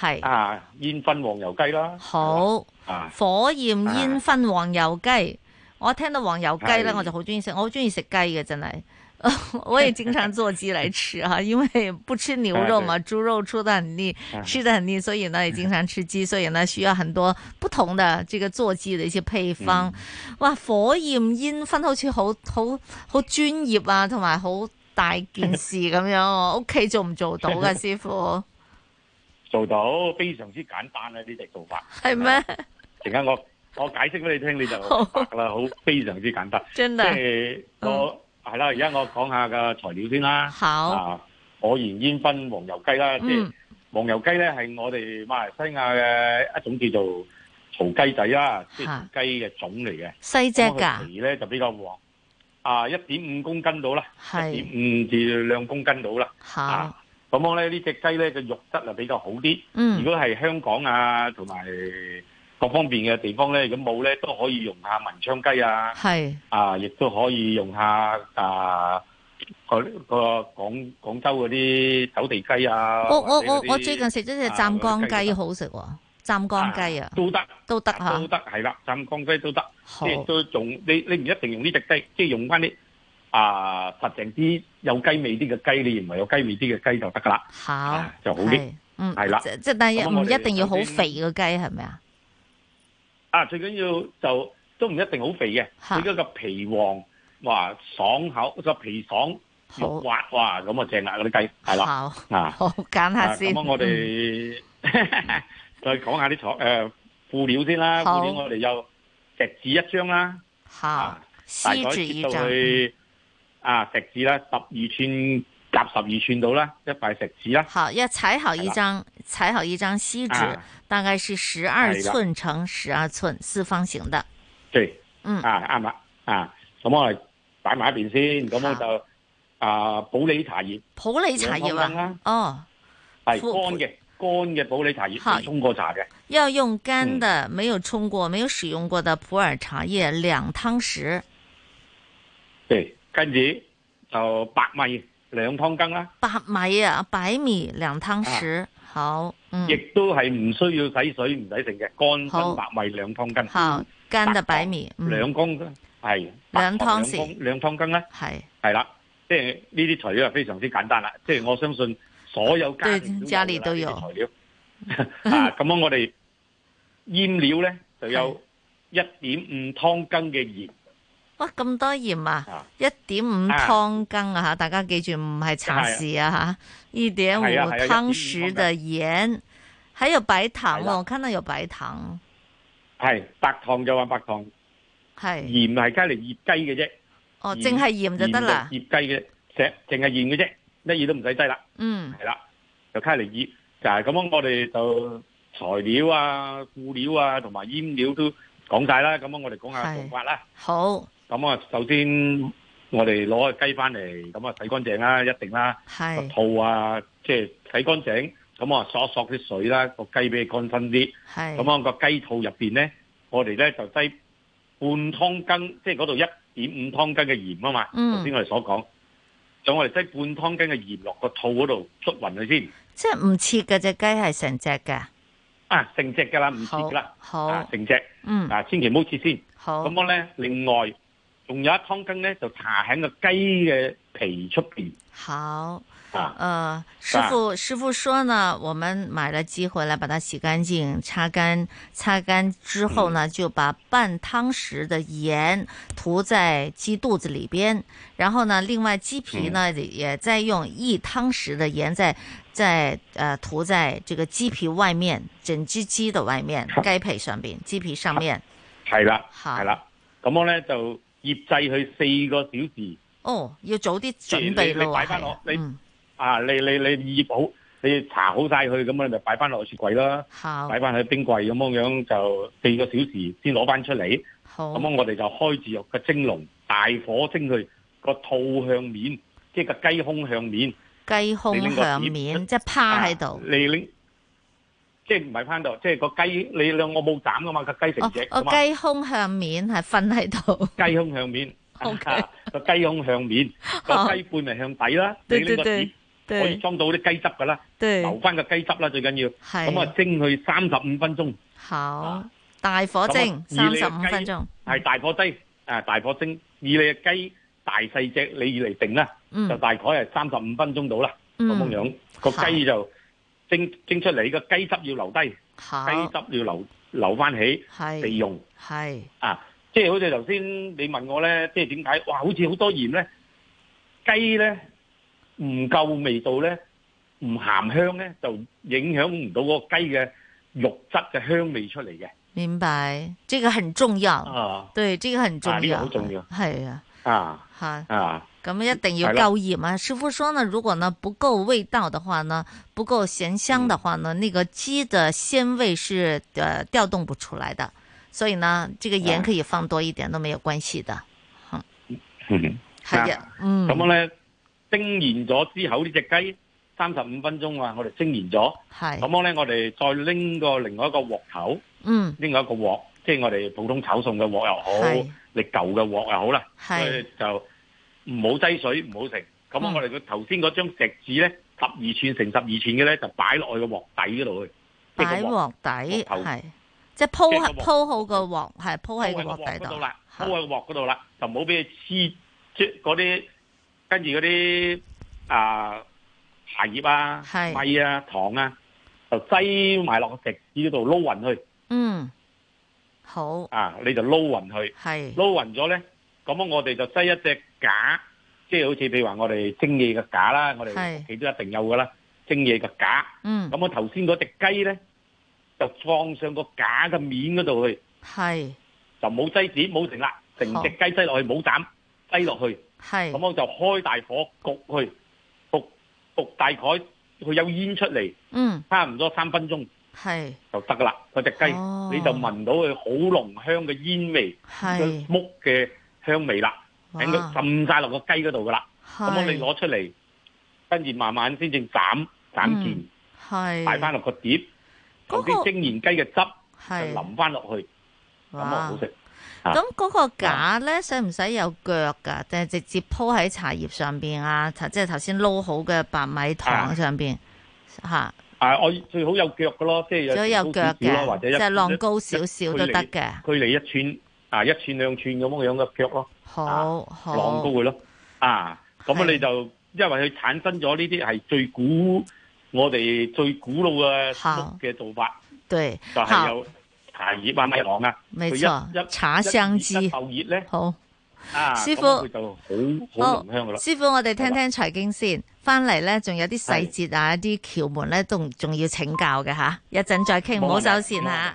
係啊，煙燻黃油雞啦，好啊，火焰煙燻黃油雞、啊。我聽到黃油雞咧，我就好中意食。我好中意食雞嘅真係，真 *laughs* 我也經常做雞來吃啊。 *laughs* 因為不吃牛肉嘛， *laughs* 豬肉出得很膩， *laughs* 吃得很膩，所以呢，也經常吃雞。所以呢，需要很多不同的這個做雞的一些配方。嗯、哇，火焰煙燻好似好好好專業啊，同埋好大件事咁樣。屋 *laughs* 企做唔做到嘅、啊、 *laughs* 師傅？做到非常之簡單啦！呢隻做法係咩？陣間我我解釋俾你聽，你就明白啦。好，非常之簡單。真係即係我係啦。而家我講下個材料先啦。好啊，我用煙燻黃油雞啦。即係黃油雞咧，係我哋馬來西亞嘅一種叫做草雞仔啦，即係雞嘅種嚟嘅。細隻㗎，皮咧就比較黃。啊，一點五公斤到啦，一點五至兩公斤到啦。嚇！咁樣咧，呢隻雞咧嘅肉質啊，比較好啲。嗯。如果係香港啊，同埋各方面嘅地方咧，咁冇咧都可以用下文昌雞啊。係。啊，亦都可以用下啊嗰個廣廣州嗰啲走地雞啊。我我我我最近食咗隻湛江雞好食喎，湛江雞啊。都得，都得嚇。都得，係啦，湛江雞都得。即係都仲，你你唔一定用呢隻雞，即係用翻啲。啊，食淨啲有雞味啲嘅雞，你認為有雞味啲嘅雞就得㗎啦，就好啲，係、嗯、啦，即係但係唔一定要，肥雞，啊、要一定肥好肥嘅雞係咪啊？啊，最緊要就都唔一定好肥嘅，佢嗰個皮黃，哇爽口，個皮爽肉滑咁啊正壓嗰啲雞係啦，啊，好揀下先。咁我哋再講下啲菜誒，副料先啦。副料我哋又石子一張啦，啊，住。啊啊錫紙啦，十二寸夾十二寸到啦，一塊錫紙啦。好，要裁好一張，裁好一張錫紙，大概是十二寸乘十二寸四方形的。對，嗯，啊，啱啦，啊，咁、啊、我哋擺埋一邊先，咁我就啊普洱茶葉，普洱茶葉啊，哦，係乾嘅乾嘅普洱茶葉，未沖過茶嘅。要用乾的、嗯，沒有沖過、沒有使用過的普洱茶葉兩湯匙。對。跟住就，白米，兩湯羹啦，白米啊，白米，兩湯匙，好，亦都係唔需要洗水，唔洗淨嘅乾蒸，白米，兩湯羹。哇咁多鹽啊！一點五湯羹啊吓、啊，大家記住唔係茶匙啊吓，一、啊、點五湯、啊啊、湯匙嘅鹽，喺、啊、有、擺糖，啊、有擺糖白糖喎，我睇到有白糖。係白糖就話白糖，係鹽係加嚟醃雞嘅啫。哦，淨係鹽就得啦。鹽醃雞嘅石，淨係鹽嘅啫，乜嘢都唔使制啦。嗯，係啦、啊，就加嚟醃，就係咁樣。我哋就材料啊、料啊、同埋醃料都講晒啦。咁樣我哋講下做法啦。好。咁啊，首先我哋攞個雞翻嚟，咁啊洗乾淨啦，一定啦，個肚啊，即係洗乾淨。咁我啊，索索啲水啦，個雞俾佢乾身啲。咁啊，個雞肚入邊咧，我哋咧就擠半湯羹，即係嗰度一點五湯羹嘅鹽啊嘛。頭先我哋所講，就我哋擠半湯羹嘅鹽落個肚嗰度捽匀佢先。即係唔切嘅隻雞係成隻嘅。啊，成隻㗎啦，唔切㗎啦，啊成隻。嗯，啊千祈唔好切先。好。咁我咧另外。仲有一湯羹呢，就擦喺個雞嘅皮出邊。好、呃、啊，誒、啊，師傅師傅說呢，我們買咗雞回來，把它洗乾淨，擦乾，擦乾之後呢，就把半湯匙的鹽塗在雞肚子裏邊。然後呢，另外雞皮呢，嗯、也再用一湯匙的鹽再再誒塗在這個雞皮外面，整隻雞的外面，雞皮上邊，雞皮上面。係、啊、啦，係啦，咁我咧就。醃製佢四個小時。哦，要早啲準備，你你擺翻落，你，你，你啊，你啊你你醃好，你搽好晒佢，咁你就擺翻落雪櫃啦，擺翻喺冰櫃咁樣樣就四個小時先攞翻出嚟。好，咁啊我哋就開住肉嘅蒸籠，大火蒸佢個肚向面，即係個雞胸向面，雞胸向面即係趴喺度。你拎。即係唔係翻到，即係個雞你兩我冇斬噶嘛，個雞成隻。哦，雞胸向面係瞓喺度。雞胸向面，個雞胸向面，個雞背咪向底啦。對對對，可以裝到啲雞汁噶啦，留翻個雞汁啦，最緊要。係。咁啊蒸佢三十五分鐘。好，大火蒸三十五分鐘。係大火蒸，誒大火蒸，以你嘅雞大細隻你嚟定啦，就大概係三十五分鐘到啦。咁樣樣個雞就。蒸蒸出嚟，個雞汁要留低，雞汁要留留翻起，係備用。係啊，即係好似頭先你問我咧，即係點解？哇，好似好多鹽咧，雞咧唔夠味道咧，唔鹹香咧，就影響唔到個雞嘅肉質嘅香味出嚟嘅。明白，這個很重要。啊，對，這個很重要。啊，呢個好重要。係啊。啊。吓。啊。咁一定要夠鹽嘛？師傅說呢，如果呢不夠味道的話呢，不夠咸香的話呢，嗯、那個雞的鮮味是，呃，調動不出來的，所以呢，這個鹽可以放多一點，都沒有關係的。嗯，係嗯。咁、嗯嗯、樣呢，蒸完咗之後呢隻雞，三十五分鐘啊，我哋蒸完咗。係。咁樣呢，我哋再拎個另外一個鑊頭。嗯。另外一個鑊，即係我哋普通炒餸嘅鑊又好，你舊嘅鑊又好啦。係。就。唔好擠水，唔好食。咁我哋個頭先嗰張錫紙咧，十二吋乘十二吋嘅咧，就擺落去個鑊底嗰度去。擺、就、鑊、是、底係，即係鋪鋪好個鑊，係鋪喺鑊底度啦。鋪喺鑊嗰度啦，就唔好俾佢黐即嗰啲，跟住嗰啲啊茶葉啊、米啊、糖啊，就擠埋落個錫紙嗰度撈匀去。嗯，好。啊，你就撈匀去，撈匀咗咧。咁樣我哋就擠一隻架，即係好似譬如話我哋蒸嘢嘅架啦，我哋屋企都一定有噶啦，蒸嘢嘅架。咁我頭先嗰隻雞咧，就放上個架嘅面嗰度去，就冇擠紙冇成啦，成隻雞擠落去冇斬擠落去。咁我就開大火焗佢，焗焗大概佢有煙出嚟，差唔多三分鐘就得噶啦。嗰隻雞你就聞到佢好濃香嘅煙味，佢木嘅。香味啦，喺佢浸晒落個雞嗰度噶啦，咁我哋攞出嚟，跟住慢慢先至斬斬件，擺翻落個碟，嗰啲蒸鹽雞嘅汁就淋翻落去，咁好食。咁嗰個架咧，使唔使有腳噶？定係直接鋪喺茶葉上邊啊？即係頭先撈好嘅白米糖上邊。吓我、啊啊啊啊啊啊、最好有腳㗎咯，即係有腳少少啦，或者一，一，浪高少少都，距離都距離一，嘅一，啊，一寸兩寸咁樣嘅樣嘅腳咯，好，晾、啊、高佢咯，啊，咁你就因為佢產生咗呢啲係最古，我哋最古老嘅嘅做法，對，就係、是、有茶葉啊、米糖啊，佢一茶一茶相知，熱豆葉咧，好，啊，師傅、啊、就好好濃香噶啦。師傅，我哋聽聽財經先，翻嚟咧仲有啲細節啊、啲竅門咧，都仲要請教嘅吓，一、啊、陣再傾，唔好走先吓。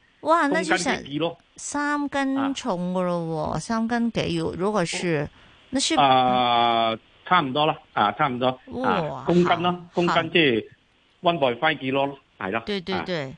哇！那就是像三三斤重噶咯、哦啊，三斤幾要如果是，那是啊，差唔多啦，啊，差唔多,了、啊差不多哦啊，公斤咯、啊，公斤即係 one point five 幾咯，係對對對。啊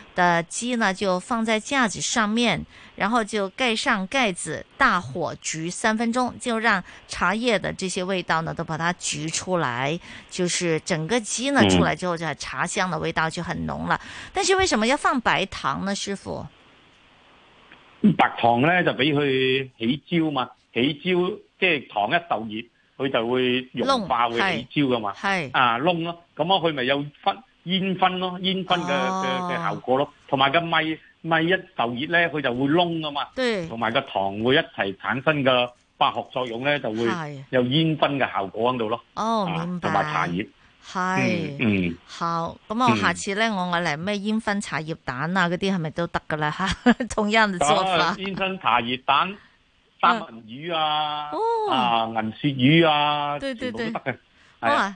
的雞呢，就放在架子上面，然後就蓋上蓋子，大火焗三分鐘，就讓茶葉的這些味道呢，都把它焗出來。就是整個雞呢出來之後，就茶香的味道就很濃了。嗯。但是為什麼要放白糖呢，師傅？白糖呢就俾佢起焦嘛，起焦即係糖一受熱，佢就會融化會起焦噶嘛，係啊，燶咯，咁啊佢咪有分。煙熏咯，煙熏嘅嘅嘅效果咯，同埋個米米一受熱咧，佢就會燶噶嘛。對，同埋個糖會一齊產生嘅化學作用咧，就會有煙熏嘅效果喺度咯。哦，同、啊、埋茶葉，係，嗯，好。咁、嗯、啊，我下次咧、嗯，我我嚟咩煙熏茶葉蛋啊，嗰啲係咪都得噶啦？吓， *laughs* 同樣做法。咁啊，煙熏茶葉蛋、三文魚啊，哦、啊銀鱈魚啊，對對對，全部都得嘅。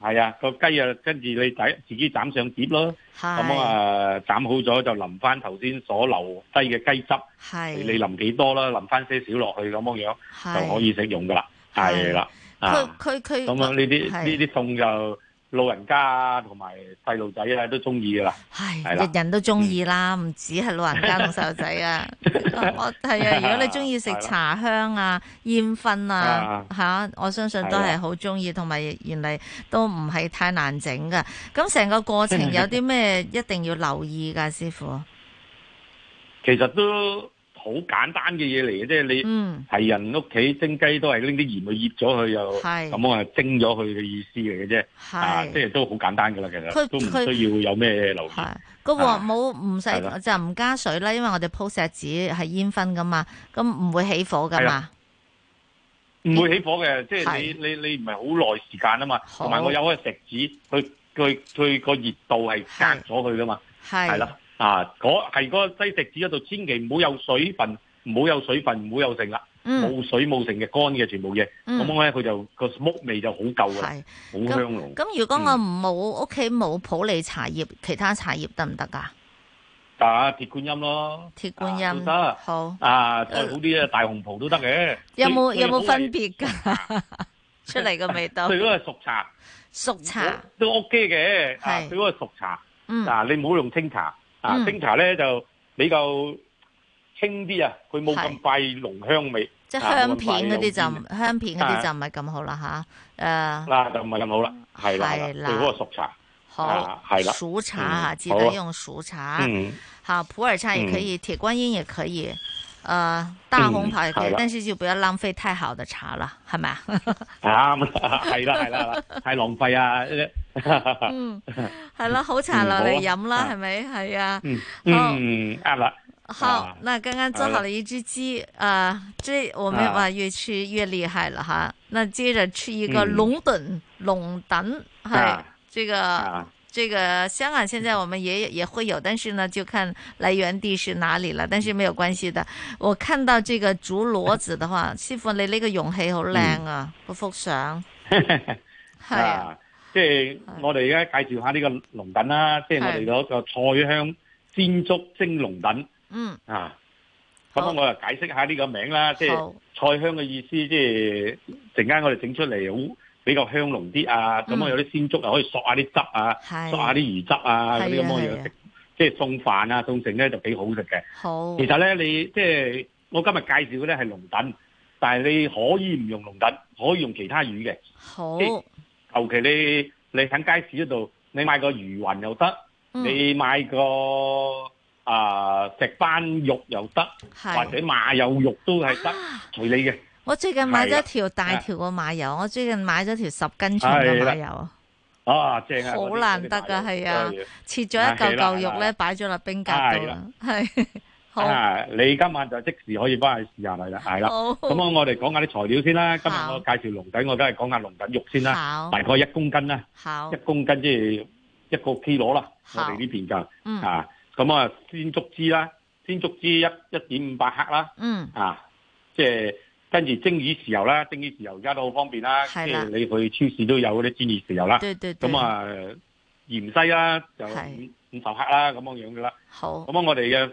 係啊，個雞啊，跟住你仔自己斬上碟咯。咁啊斬好咗就淋翻頭先所留低嘅雞汁，你淋幾多啦？淋翻些少落去咁樣樣就可以食用噶啦，係啦。佢佢咁啊，呢啲呢啲餸就老人家同埋細路仔啊，都中意噶啦。係、嗯，人人都中意啦，唔止係老人家同細路仔啊。 *laughs* *laughs* 我係啊，如果你中意食茶香啊、煙 *laughs* 熏燻啊，吓、 *laughs* 啊啊，我相信都係好中意。同 *laughs* 埋，原嚟都唔係太難整噶。咁成個過程有啲咩一定要留意噶師傅？其實都。好簡單嘅嘢嚟嘅，即係你係人屋企蒸雞都係拎啲鹽去醃咗佢又，咁我係蒸咗佢嘅意思嚟嘅啫，啊，即係都好簡單噶啦，其實都唔需要有咩流程。個鑊冇唔使就唔加水啦，因為我哋鋪石子係煙熏噶嘛，咁唔會起火噶嘛，唔會起火嘅，即係你你你唔係好耐時間啊嘛，同埋我有塊石子，佢佢佢個熱度係隔咗佢噶嘛，係啦。啊！嗰係嗰個錫紙嗰度，千祈唔好有水分，唔好有水分，唔好有成啦，冇水冇成嘅乾嘅全部嘢。咁樣咧，佢就個 smoke 味就好夠啊，好香咯。咁咁，如果我唔冇屋企冇普洱茶葉，其他茶葉得唔得啊？得啊，鐵觀音咯，鐵觀音得，好啊，再好啲啊，大紅袍都得嘅。有冇有冇分別噶？出嚟個味道？佢嗰個熟茶，熟茶都 ok 嘅。係佢嗰個熟茶，嗱你唔好用清茶。啊，冰茶咧就比較清啲啊，佢冇咁快濃香味。即、啊、香片啲就，香片嗰啲就唔係咁好啦吓。誒，嗱就唔係咁好啦。係啦，最好係熟茶。好，係啦。熟茶啊，只用熟茶。嗯，吓、啊嗯、普洱茶也可以，鐵、嗯、觀音也可以。誒、呃，大紅袍、嗯，但是就不要浪費太好的茶啦，係、嗯、咪？啱、嗯、啦，係啦係啦，太浪費啊！嗯，係啦，好茶落嚟飲啦，係咪？係啊，嗯啱啦。好，嗯好嗯，那剛剛做好你一隻雞，誒、嗯嗯嗯啊，這我們哇越吃越厲害了哈，那接着吃一個龍躉龍躉，係、啊，這、啊、個。啊啊啊啊啊這個香港現在我們也也會有，但是呢就看來源地是哪裏啦，但是沒有關係的。我看到這個竹騾子的話， *laughs* 師傅你呢個容器好靚啊，個幅相。係 *laughs* 啊，即係我哋而家介紹下呢個龍躉啦，即係我哋嗰個菜香鮮竹蒸龍躉。嗯。啊，咁我又解釋下呢個名啦，即係菜香嘅意思，即係陣間我哋整出嚟好。比較香濃啲啊，咁啊有啲鮮竹啊，可以索下啲汁啊，索下啲魚汁啊，嗰啲咁嘅嘢食，即係餸飯啊餸剩咧就幾好食嘅。好，其實咧你即係我今日介紹嘅咧係龍躉，但係你可以唔用龍躉，可以用其他魚嘅。好，尤其你你喺街市嗰度，你買個魚雲又得，你買個啊石斑肉又得，或者馬友肉都係得，隨你嘅。我最近買咗條大條個馬油，我最近買咗條十斤重嘅馬油。啊，正啊！好難得啊，係啊，切咗一嚿嚿肉咧，擺咗落冰格度。係，好。你今晚就即時可以翻去試下咪啦，係啦。咁啊，我哋講下啲材料先啦。今日我介紹龍躉，我梗係講下龍躉肉先啦。大概一公斤啦，一公斤即係一個 K 攞啦。我哋呢邊噶，啊，咁啊鮮竹枝啦，鮮竹枝一一點五百克啦。嗯。啊，即係。跟住蒸魚豉油啦，蒸魚豉油而家都好方便啦，即係你去超市都有嗰啲蒸魚豉油啦。咁啊，芫茜啦就五十克啦，咁樣樣噶啦。好。咁啊，我哋嘅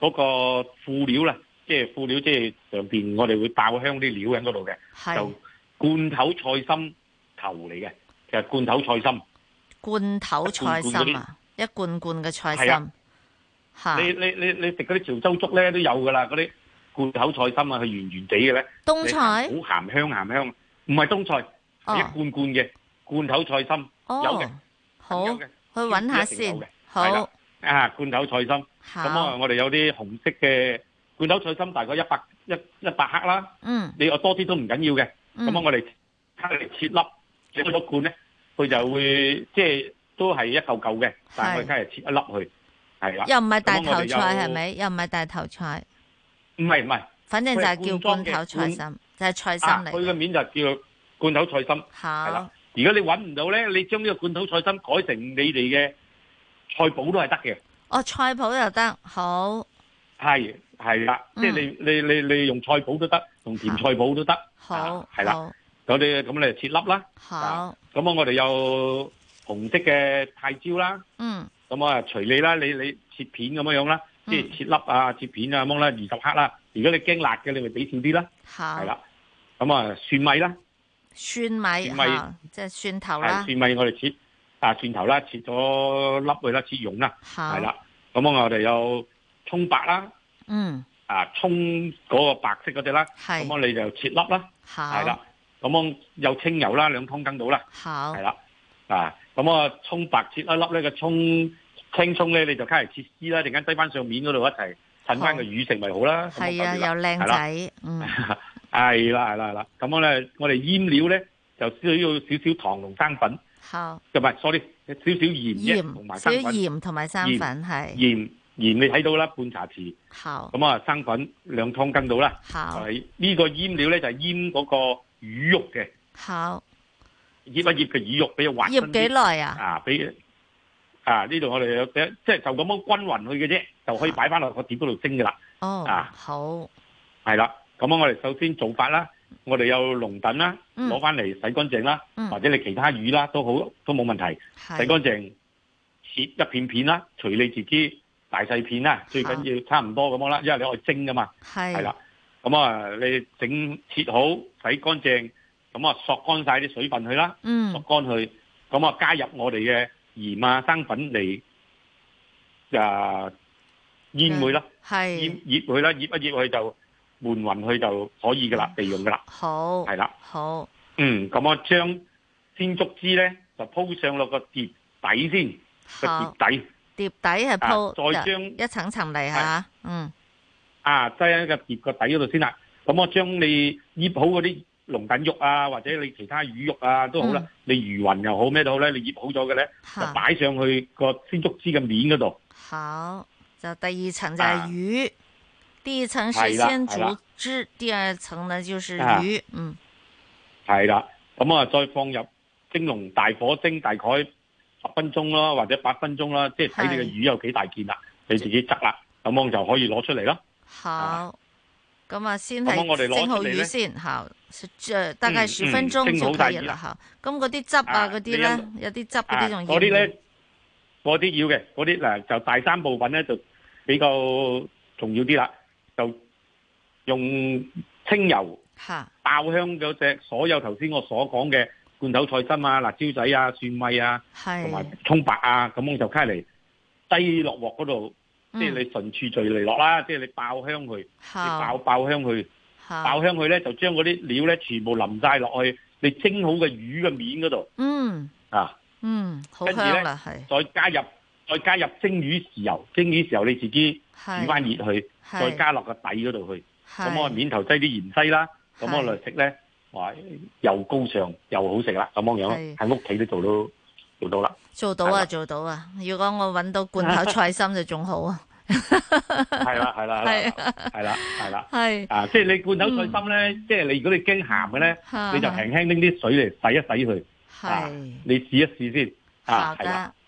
嗰個副料啦，即係副料，即係上邊我哋會爆香啲料喺嗰度嘅。係。就罐頭菜心頭嚟嘅，其實罐頭菜心。罐頭菜心啊！一罐罐嘅菜心。係啊。吓。你你你你食嗰啲潮州粥咧都有噶啦嗰啲。罐頭菜心啊，佢圓圓哋嘅咧，冬菜好鹹香鹹香，唔係冬菜，係一罐罐嘅罐頭菜心，有嘅，好去揾下先，好啊，罐頭菜心，咁啊，我哋有啲紅色嘅罐頭菜心，大概一百一一百克啦，嗯，你我多啲都唔緊要嘅，咁啊，我哋加嚟切粒，整咗罐咧，佢就會即係都係一嚿嚿嘅，但係我加嚟切一粒去，係啦，又唔係大頭菜係咪？又唔係大頭菜？唔係唔係，反正就係叫罐頭菜心，就係菜心嚟。啊，佢個面就叫罐頭菜心。好。係啦，如果你搵唔到咧，你將呢個罐頭菜心改成你哋嘅菜脯都係得嘅。哦，菜脯又得好。係係啦，即係你你你你用菜脯都得，用甜菜脯都得。好。好。係啦，咁你咁你切粒啦。好。咁啊，我哋有紅色嘅泰椒啦。嗯。咁我啊隨你啦，你你切片咁樣樣啦。即、嗯、係切粒啊，切片啊，咁咧二十克啦。如果你驚辣嘅，你咪俾少啲啦。係啦，咁、嗯、啊蒜米啦，蒜米，蒜米、啊、即係蒜頭啦。蒜米我哋切啊蒜頭啦，切咗粒去啦，切蓉啦。係啦，咁我我哋有蔥白啦，嗯，啊蔥嗰個白色嗰隻啦，咁我你就切粒啦。係啦，咁、嗯、我有清油啦，兩湯羹到啦。係啦，啊，咁我蔥白切一粒呢個蔥。蔥青蔥咧，你就揩嚟，切絲啦，陣間擠翻上面嗰度一齊襯翻個魚食咪好啦。係啊，又靚仔，嗯，係啦，係啦，係啦。咁我咧，我哋醃料咧就需要少少糖同生粉。好，唔係，sorry，少少鹽啫，同埋生粉。鹽鹽，你睇到啦，半茶匙。好。咁啊，生粉兩湯羹到啦。好。呢個醃料咧就係醃嗰個魚肉嘅。好。醃一醃嘅魚肉，俾佢滑啲。醃幾耐啊？啊，俾。啊！呢度我哋有即係就咁，是，樣均勻去嘅啫，就可以擺翻落個碟嗰度蒸噶啦。哦、oh, 啊，啊好，係啦。咁啊，我哋首先做法啦，我哋有龍躉啦，攞翻嚟洗乾淨啦、嗯，或者你其他魚啦都好，都冇問題。洗乾淨，切一片片啦，隨你自己大細片啦，最緊要差唔多咁樣啦，因為你可以蒸噶嘛。係。係啦，咁啊，你整切好，洗乾淨，咁啊，索乾晒啲水分去啦，嗯、索乾去，咁啊，加入我哋嘅。鹽啊，生粉嚟啊，醃佢啦，醃醃佢啦，醃一醃佢就拌勻佢就可以噶啦，備用噶啦。好，係啦。好。嗯，咁我將鮮竹枝咧，就鋪上落個碟底先。個碟底。碟底係鋪。再將一層層嚟吓。嗯。啊，擠喺個碟個底嗰度先啦。咁我將你醃好嗰啲龍躉肉啊，或者你其他魚肉啊都好啦，嗯，你魚雲又好咩都好咧，你醃好咗嘅咧，就擺上去個鮮竹枝嘅面嗰度。好，就第二層就係魚，第一層是鮮竹枝，第二層呢就是魚，啊是是是就是，魚是嗯。係啦，咁啊再放入蒸籠，大火蒸大概十分鐘啦，或者八分鐘啦，即係睇你嘅魚有幾大件啦，啊，你自己執啦，咁我就可以攞出嚟啦。好，咁啊先係蒸好魚先，好。誒，大概十分鐘仲過日啦吓，咁嗰啲汁啊，嗰啲咧，有啲汁嗰啲仲要，嗰啲咧，嗰啲要嘅，嗰啲嗱就第三部分咧就比較重要啲啦，就用清油爆香嗰隻所有頭先我所講嘅罐頭菜芯啊、辣椒仔啊、蒜米啊，同埋葱白啊，咁我就揩嚟低落鑊嗰度，即係你純煮聚嚟落啦，即係你爆香佢，爆爆香佢。爆香佢咧，就將嗰啲料咧全部淋晒落去你蒸好嘅魚嘅面嗰度。嗯。啊。嗯，好香啦，係。再加入，再加入蒸魚豉油，蒸魚豉油你自己煮翻熱去，再加落個底嗰度去。咁我面頭擠啲芫荽啦，咁我嚟食咧，哇，又高尚又好食啦，咁樣樣喺屋企都做到做到啦。做到啊，做到啊！如果我搵到罐頭菜心就仲好啊。係 *laughs* 啦，係啦，係啦，係啦，係啦。啊，係即係你罐頭菜心咧，即係你如果你驚鹹嘅咧，你就輕輕拎啲水嚟洗一洗佢。係、啊，你試一試先。啊，係啦。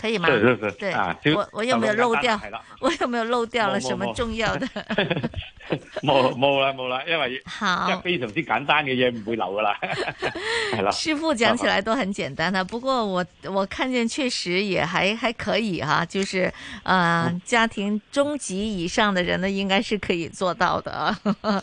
可以嗎？對，對，對，對，、啊對，我我有沒有漏掉？我有沒有漏掉了什麼重要的？沒有沒啦沒啦，因為好因為非常之簡單嘅嘢，唔會漏噶啦，係師傅講起來都很簡單啊，不過我我看見確實也還還可以哈、啊，就是啊、呃，家庭中級以上的人呢，應該是可以做到的 *laughs* 啊。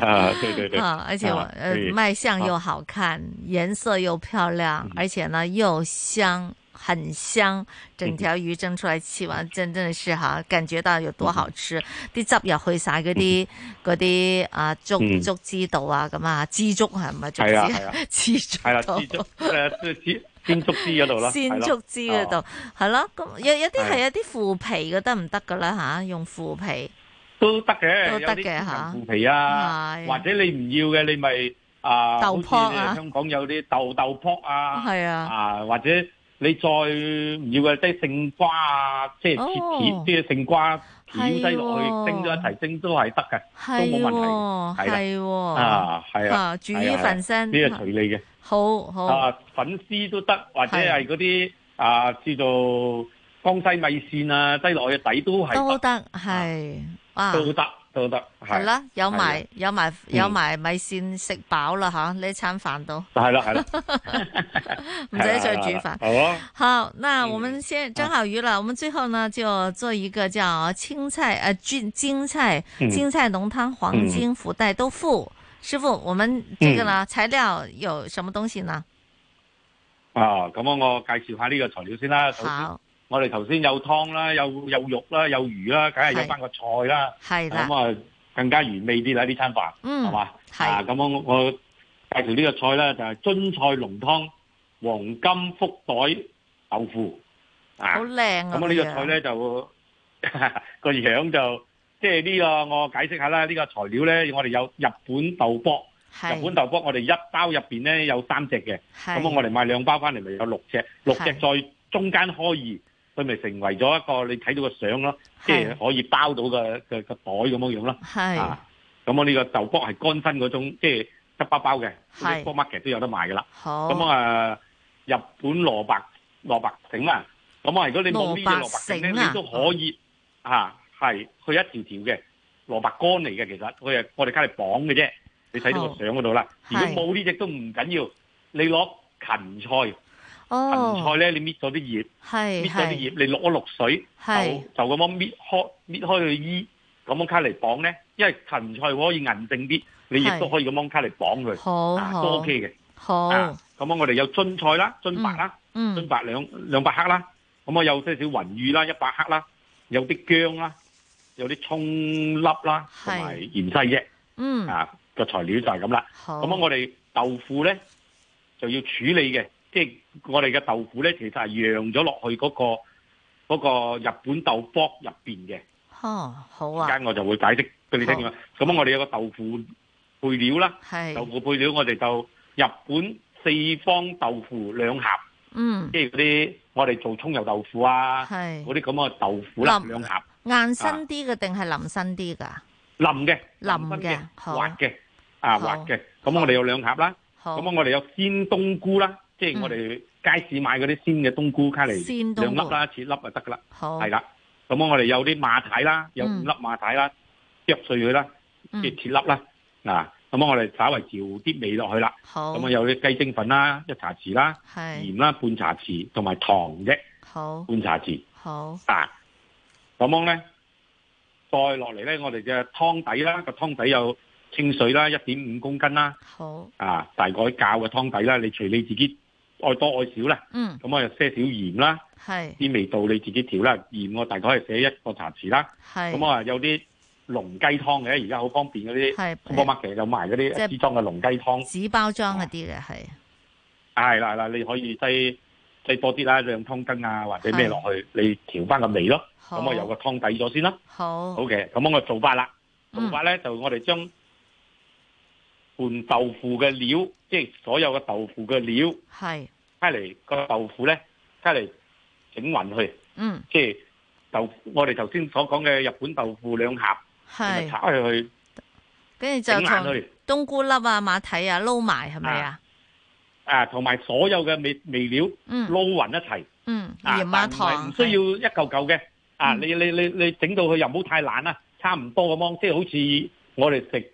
啊對對對啊，而且我呃賣相又好看、啊，顏色又漂亮，嗯、而且呢又香。很香，整條魚蒸出嚟，吃、嗯、完真係試下，感覺到有多好吃。啲、嗯、汁入去晒嗰啲嗰啲啊竹竹枝度啊咁啊，枝竹係唔係竹枝啊？枝竹係啦，枝竹誒，鮮竹枝嗰度啦，鮮竹枝嗰度係咯。咁、啊、有一、啊、有啲係有啲腐皮嘅，得唔得噶啦吓？用腐皮都得嘅，都得嘅吓。一腐皮啊，啊，或者你唔要嘅、啊，你咪啊，啊，好似香港有啲豆豆卜啊，係啊，啊或者。你再唔要嘅，即係勝瓜是、哦是是哦是哦、是是啊，即係切片啲勝瓜條仔落去蒸咗一齊蒸都係得嘅，都冇問題。係啊，係啊，煮呢份先，呢個隨你嘅、嗯。好好啊，粉絲都得，或者係嗰啲啊，叫做江西米線啊，低落去嘅底都係都得，係啊。是都得係啦，有埋有埋有埋米線食飽啦吓，呢餐飯都係啦係啦，唔使 *laughs* 再煮飯。好啊，好，那我們先蒸好魚啦、嗯，我們最後呢就做一個叫青菜誒，菌、啊、金、啊、菜津菜濃湯黃金福袋豆腐，師傅，我們這個呢、嗯、材料有什麼東西呢？啊，咁我介紹下呢個材料先啦。先好。我哋頭先有湯啦，有有肉啦，有魚啦，梗係有翻個菜啦。係、啊、啦，咁啊更加完美啲啦呢餐飯，係、嗯、嘛？啊，咁我我介紹呢個菜咧就係、是、津菜濃湯黃金福袋豆腐。好靚啊！咁呢、啊啊、個菜咧就 *laughs* 個樣就即係呢個我解釋下啦。呢、這個材料咧，我哋有日本豆卜，日本豆卜我哋一包入邊咧有三隻嘅，咁、啊、我哋買兩包翻嚟咪有六隻，六隻再中間開二。佢咪成為咗一個，你睇到個相咯，即係可以包到個個個袋咁樣樣咯。咁我呢個豆卜係乾身嗰種，即係一包包嘅，market 都有得賣噶啦。好，咁、嗯、啊，日本蘿蔔蘿蔔整啦。咁我、啊嗯、如果你冇、啊這個、呢隻蘿蔔你都可以啊係佢一條條嘅蘿蔔乾嚟嘅，其實佢係我哋靠嚟綁嘅啫。你睇到個相嗰度啦。如果冇呢隻都唔緊要，你攞芹菜。哦、芹菜咧，你搣咗啲葉，搣咗啲葉，你落一落水，就就咁樣搣開搣開個衣，咁樣卡嚟綁咧。因為芹菜可以韌淨啲，你亦、啊、都可以咁樣卡嚟綁佢，都 OK 嘅。好，咁我哋有津菜啦，津白啦，津白兩兩百克啦，咁、嗯、樣有些少雲芋啦，一百克啦，有啲薑啦，有啲蔥粒啦，同埋芫茜啫、啊。嗯，啊個材料就係咁啦。咁、嗯、我哋豆腐咧就要處理嘅。即係我哋嘅豆腐咧，其實係釀咗落去嗰個嗰個日本豆腐入邊嘅。哦，好啊！間我就會解釋俾你聽嘅。咁我哋有個豆腐配料啦，豆腐配料我哋就日本四方豆腐兩盒。嗯，即係嗰啲我哋做蔥油豆腐啊，嗰啲咁嘅豆腐啦，兩盒。硬身啲嘅定係腍身啲㗎？腍嘅，腍身嘅，滑嘅，啊滑嘅。咁我哋有兩盒啦。咁我哋有鮮冬菇啦。即係我哋街市買嗰啲鮮嘅冬菇卡嚟，兩粒啦，切粒就得噶啦，係啦。咁我哋有啲馬蹄啦，有五粒馬蹄啦，剁、嗯、碎佢啦，即、嗯、切粒啦。啊咁我哋稍微調啲味落去啦。好，咁我有啲雞精粉啦，一茶匙啦，鹽啦半茶匙，同埋糖啫。好半茶匙。好，好啊咁樣咧，再落嚟咧，我哋嘅湯底啦，個湯底有清水啦，一點五公斤啦。好啊，大概教嘅湯底啦，你隨你自己。愛多愛少啦，咁我就些少鹽啦，啲味道你自己調啦，鹽我大概係寫一個茶匙啦，咁我有啲濃雞湯嘅，而家好方便嗰啲，鋪鋪 market 有賣嗰啲即係支裝嘅濃雞湯，紙包裝嗰啲嘅係，係啦係啦，你可以制制多啲啦，用湯羹啊或者咩落去，你調翻個味咯，咁我有個湯底咗先啦，好，好嘅，咁我做法啦，做法咧就我哋將。拌豆腐嘅料，即係所有嘅豆腐嘅料，係，揩嚟個豆腐咧，揩嚟整勻去，嗯，即係豆，我哋頭先所講嘅日本豆腐兩盒，係，炒起去，跟住就冬菇粒啊、馬蹄啊撈埋係咪啊？啊，同埋所有嘅味味料，嗯，撈勻一齊，嗯，鹽、麻、糖，唔需要一嚿嚿嘅，啊，你你你你整到佢又唔好太爛啦，差唔多個芒，即係好似我哋食。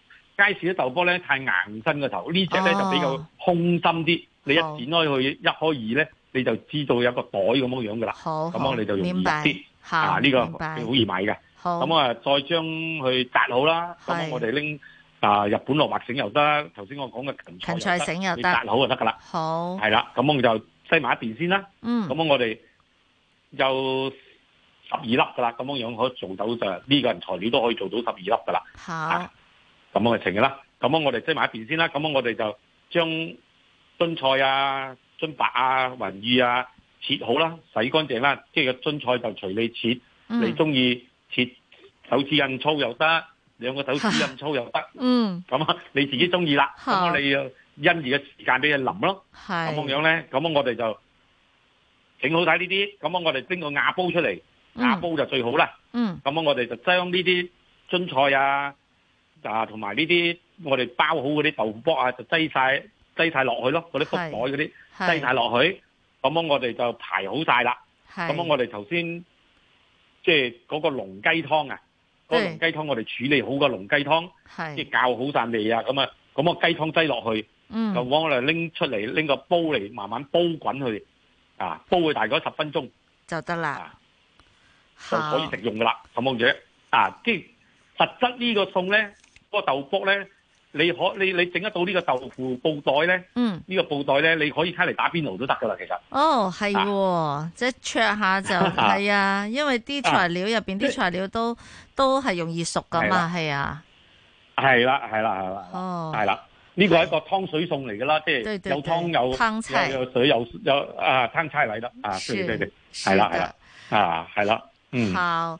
街市啲豆波咧太硬身個頭，這隻呢隻咧、哦、就比較空心啲。你一剪開去一開二咧，你就知道有個袋咁樣樣噶啦。好，咁樣你就容易啲。明白呢個好易買嘅。好，咁我啊再將佢紮好啦。咁我哋拎啊日本羅麥繩又得。頭先我講嘅芹菜繩又得。你紮好就得噶啦。好，係、啊、啦。咁、啊、我，們、啊、我就西馬一段先啦。嗯。咁、嗯、我哋有十二粒噶啦。咁樣樣可以做到就呢、這個人材料都可以做到十二粒噶啦。吓。咁我嘅情嘅啦，咁我哋即埋一邊先啦。咁我哋就將津菜啊、津白啊、雲耳啊切好啦，洗乾淨啦。即係津菜就隨你切，嗯、你中意切手指印粗又得，兩個手指印粗又得、啊。嗯，咁啊，你自己中意啦。咁、啊、我你要因而嘅時間俾佢淋咯。係。咁樣呢樣咧，咁我哋就整好睇呢啲。咁我哋蒸個瓦煲出嚟，瓦、嗯、煲就最好啦。嗯。咁我哋就將呢啲津菜啊。啊，同埋呢啲我哋包好嗰啲豆卜啊，就擠曬擠曬落去咯，嗰啲福袋嗰啲擠曬落去，咁樣我哋就排好曬啦。咁樣我哋頭先即係嗰個龍雞湯啊，個龍雞湯我哋處理好個龍雞湯，即係教好曬味啊。咁啊，咁個雞湯擠落去，嗯、就往我哋拎出嚟，拎個煲嚟慢慢煲滾佢，啊煲佢大概十分鐘就得啦、啊，就可以食用噶啦。咁樣者啊，即係實，實質個呢個餸咧。個豆卜咧，你可你你整得到呢個豆腐布袋咧？嗯，呢、這個布袋咧，你可以攤嚟打邊爐都得噶啦，其實。哦，係喎、啊，即係焯下就係啊是，因為啲材料入邊啲材料都、啊、都係容易熟噶嘛，係啊。係啦，係啦，係啦。哦，係啦，呢、這個係一個湯水餸嚟噶啦，即係有湯對對對有湯有水有有啊，湯差嚟啦啊，係係係啦係啦啊，係啦，嗯。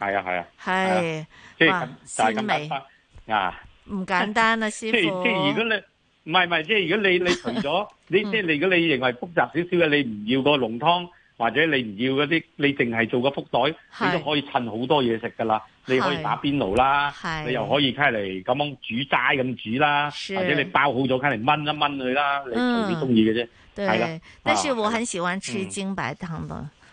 係啊係啊，係即係咁，就係咁簡單啊？唔、啊、簡單啊，先。即係即係，如果你唔係唔係，即係如果你你除咗 *laughs* 你即係，如果你認為複雜少少嘅，你唔要個濃湯，或者你唔要嗰啲，你淨係做個福袋，你都可以襯好多嘢食噶啦。你可以打邊爐啦，你又可以揩嚟咁樣煮齋咁煮啦，啊啊、或者你包好咗揩嚟燜一燜佢啦，你隨你中意嘅啫。係啊，但是我很喜歡吃精白湯的。啊啊嗯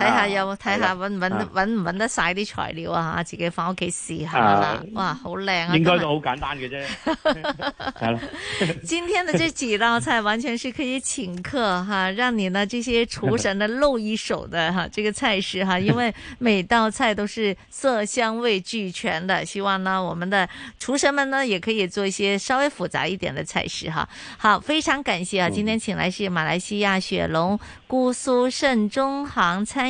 睇下有睇下揾唔揾揾唔揾得晒啲材料啊！自己翻屋企試下啦、啊啊，哇，好靚啊！應該都好簡單嘅啫。係啦， *laughs* *laughs* 今天的這幾道菜完全是可以請客哈、啊，讓你呢這些廚神呢露一手的哈、啊，這個菜式哈、啊，因為每道菜都是色香味俱全的，希望呢我們的廚神們呢也可以做一些稍微複雜一點的菜式哈、啊。好，非常感謝啊！今天請來是馬來西亞雪隆姑、嗯、蘇盛中行餐。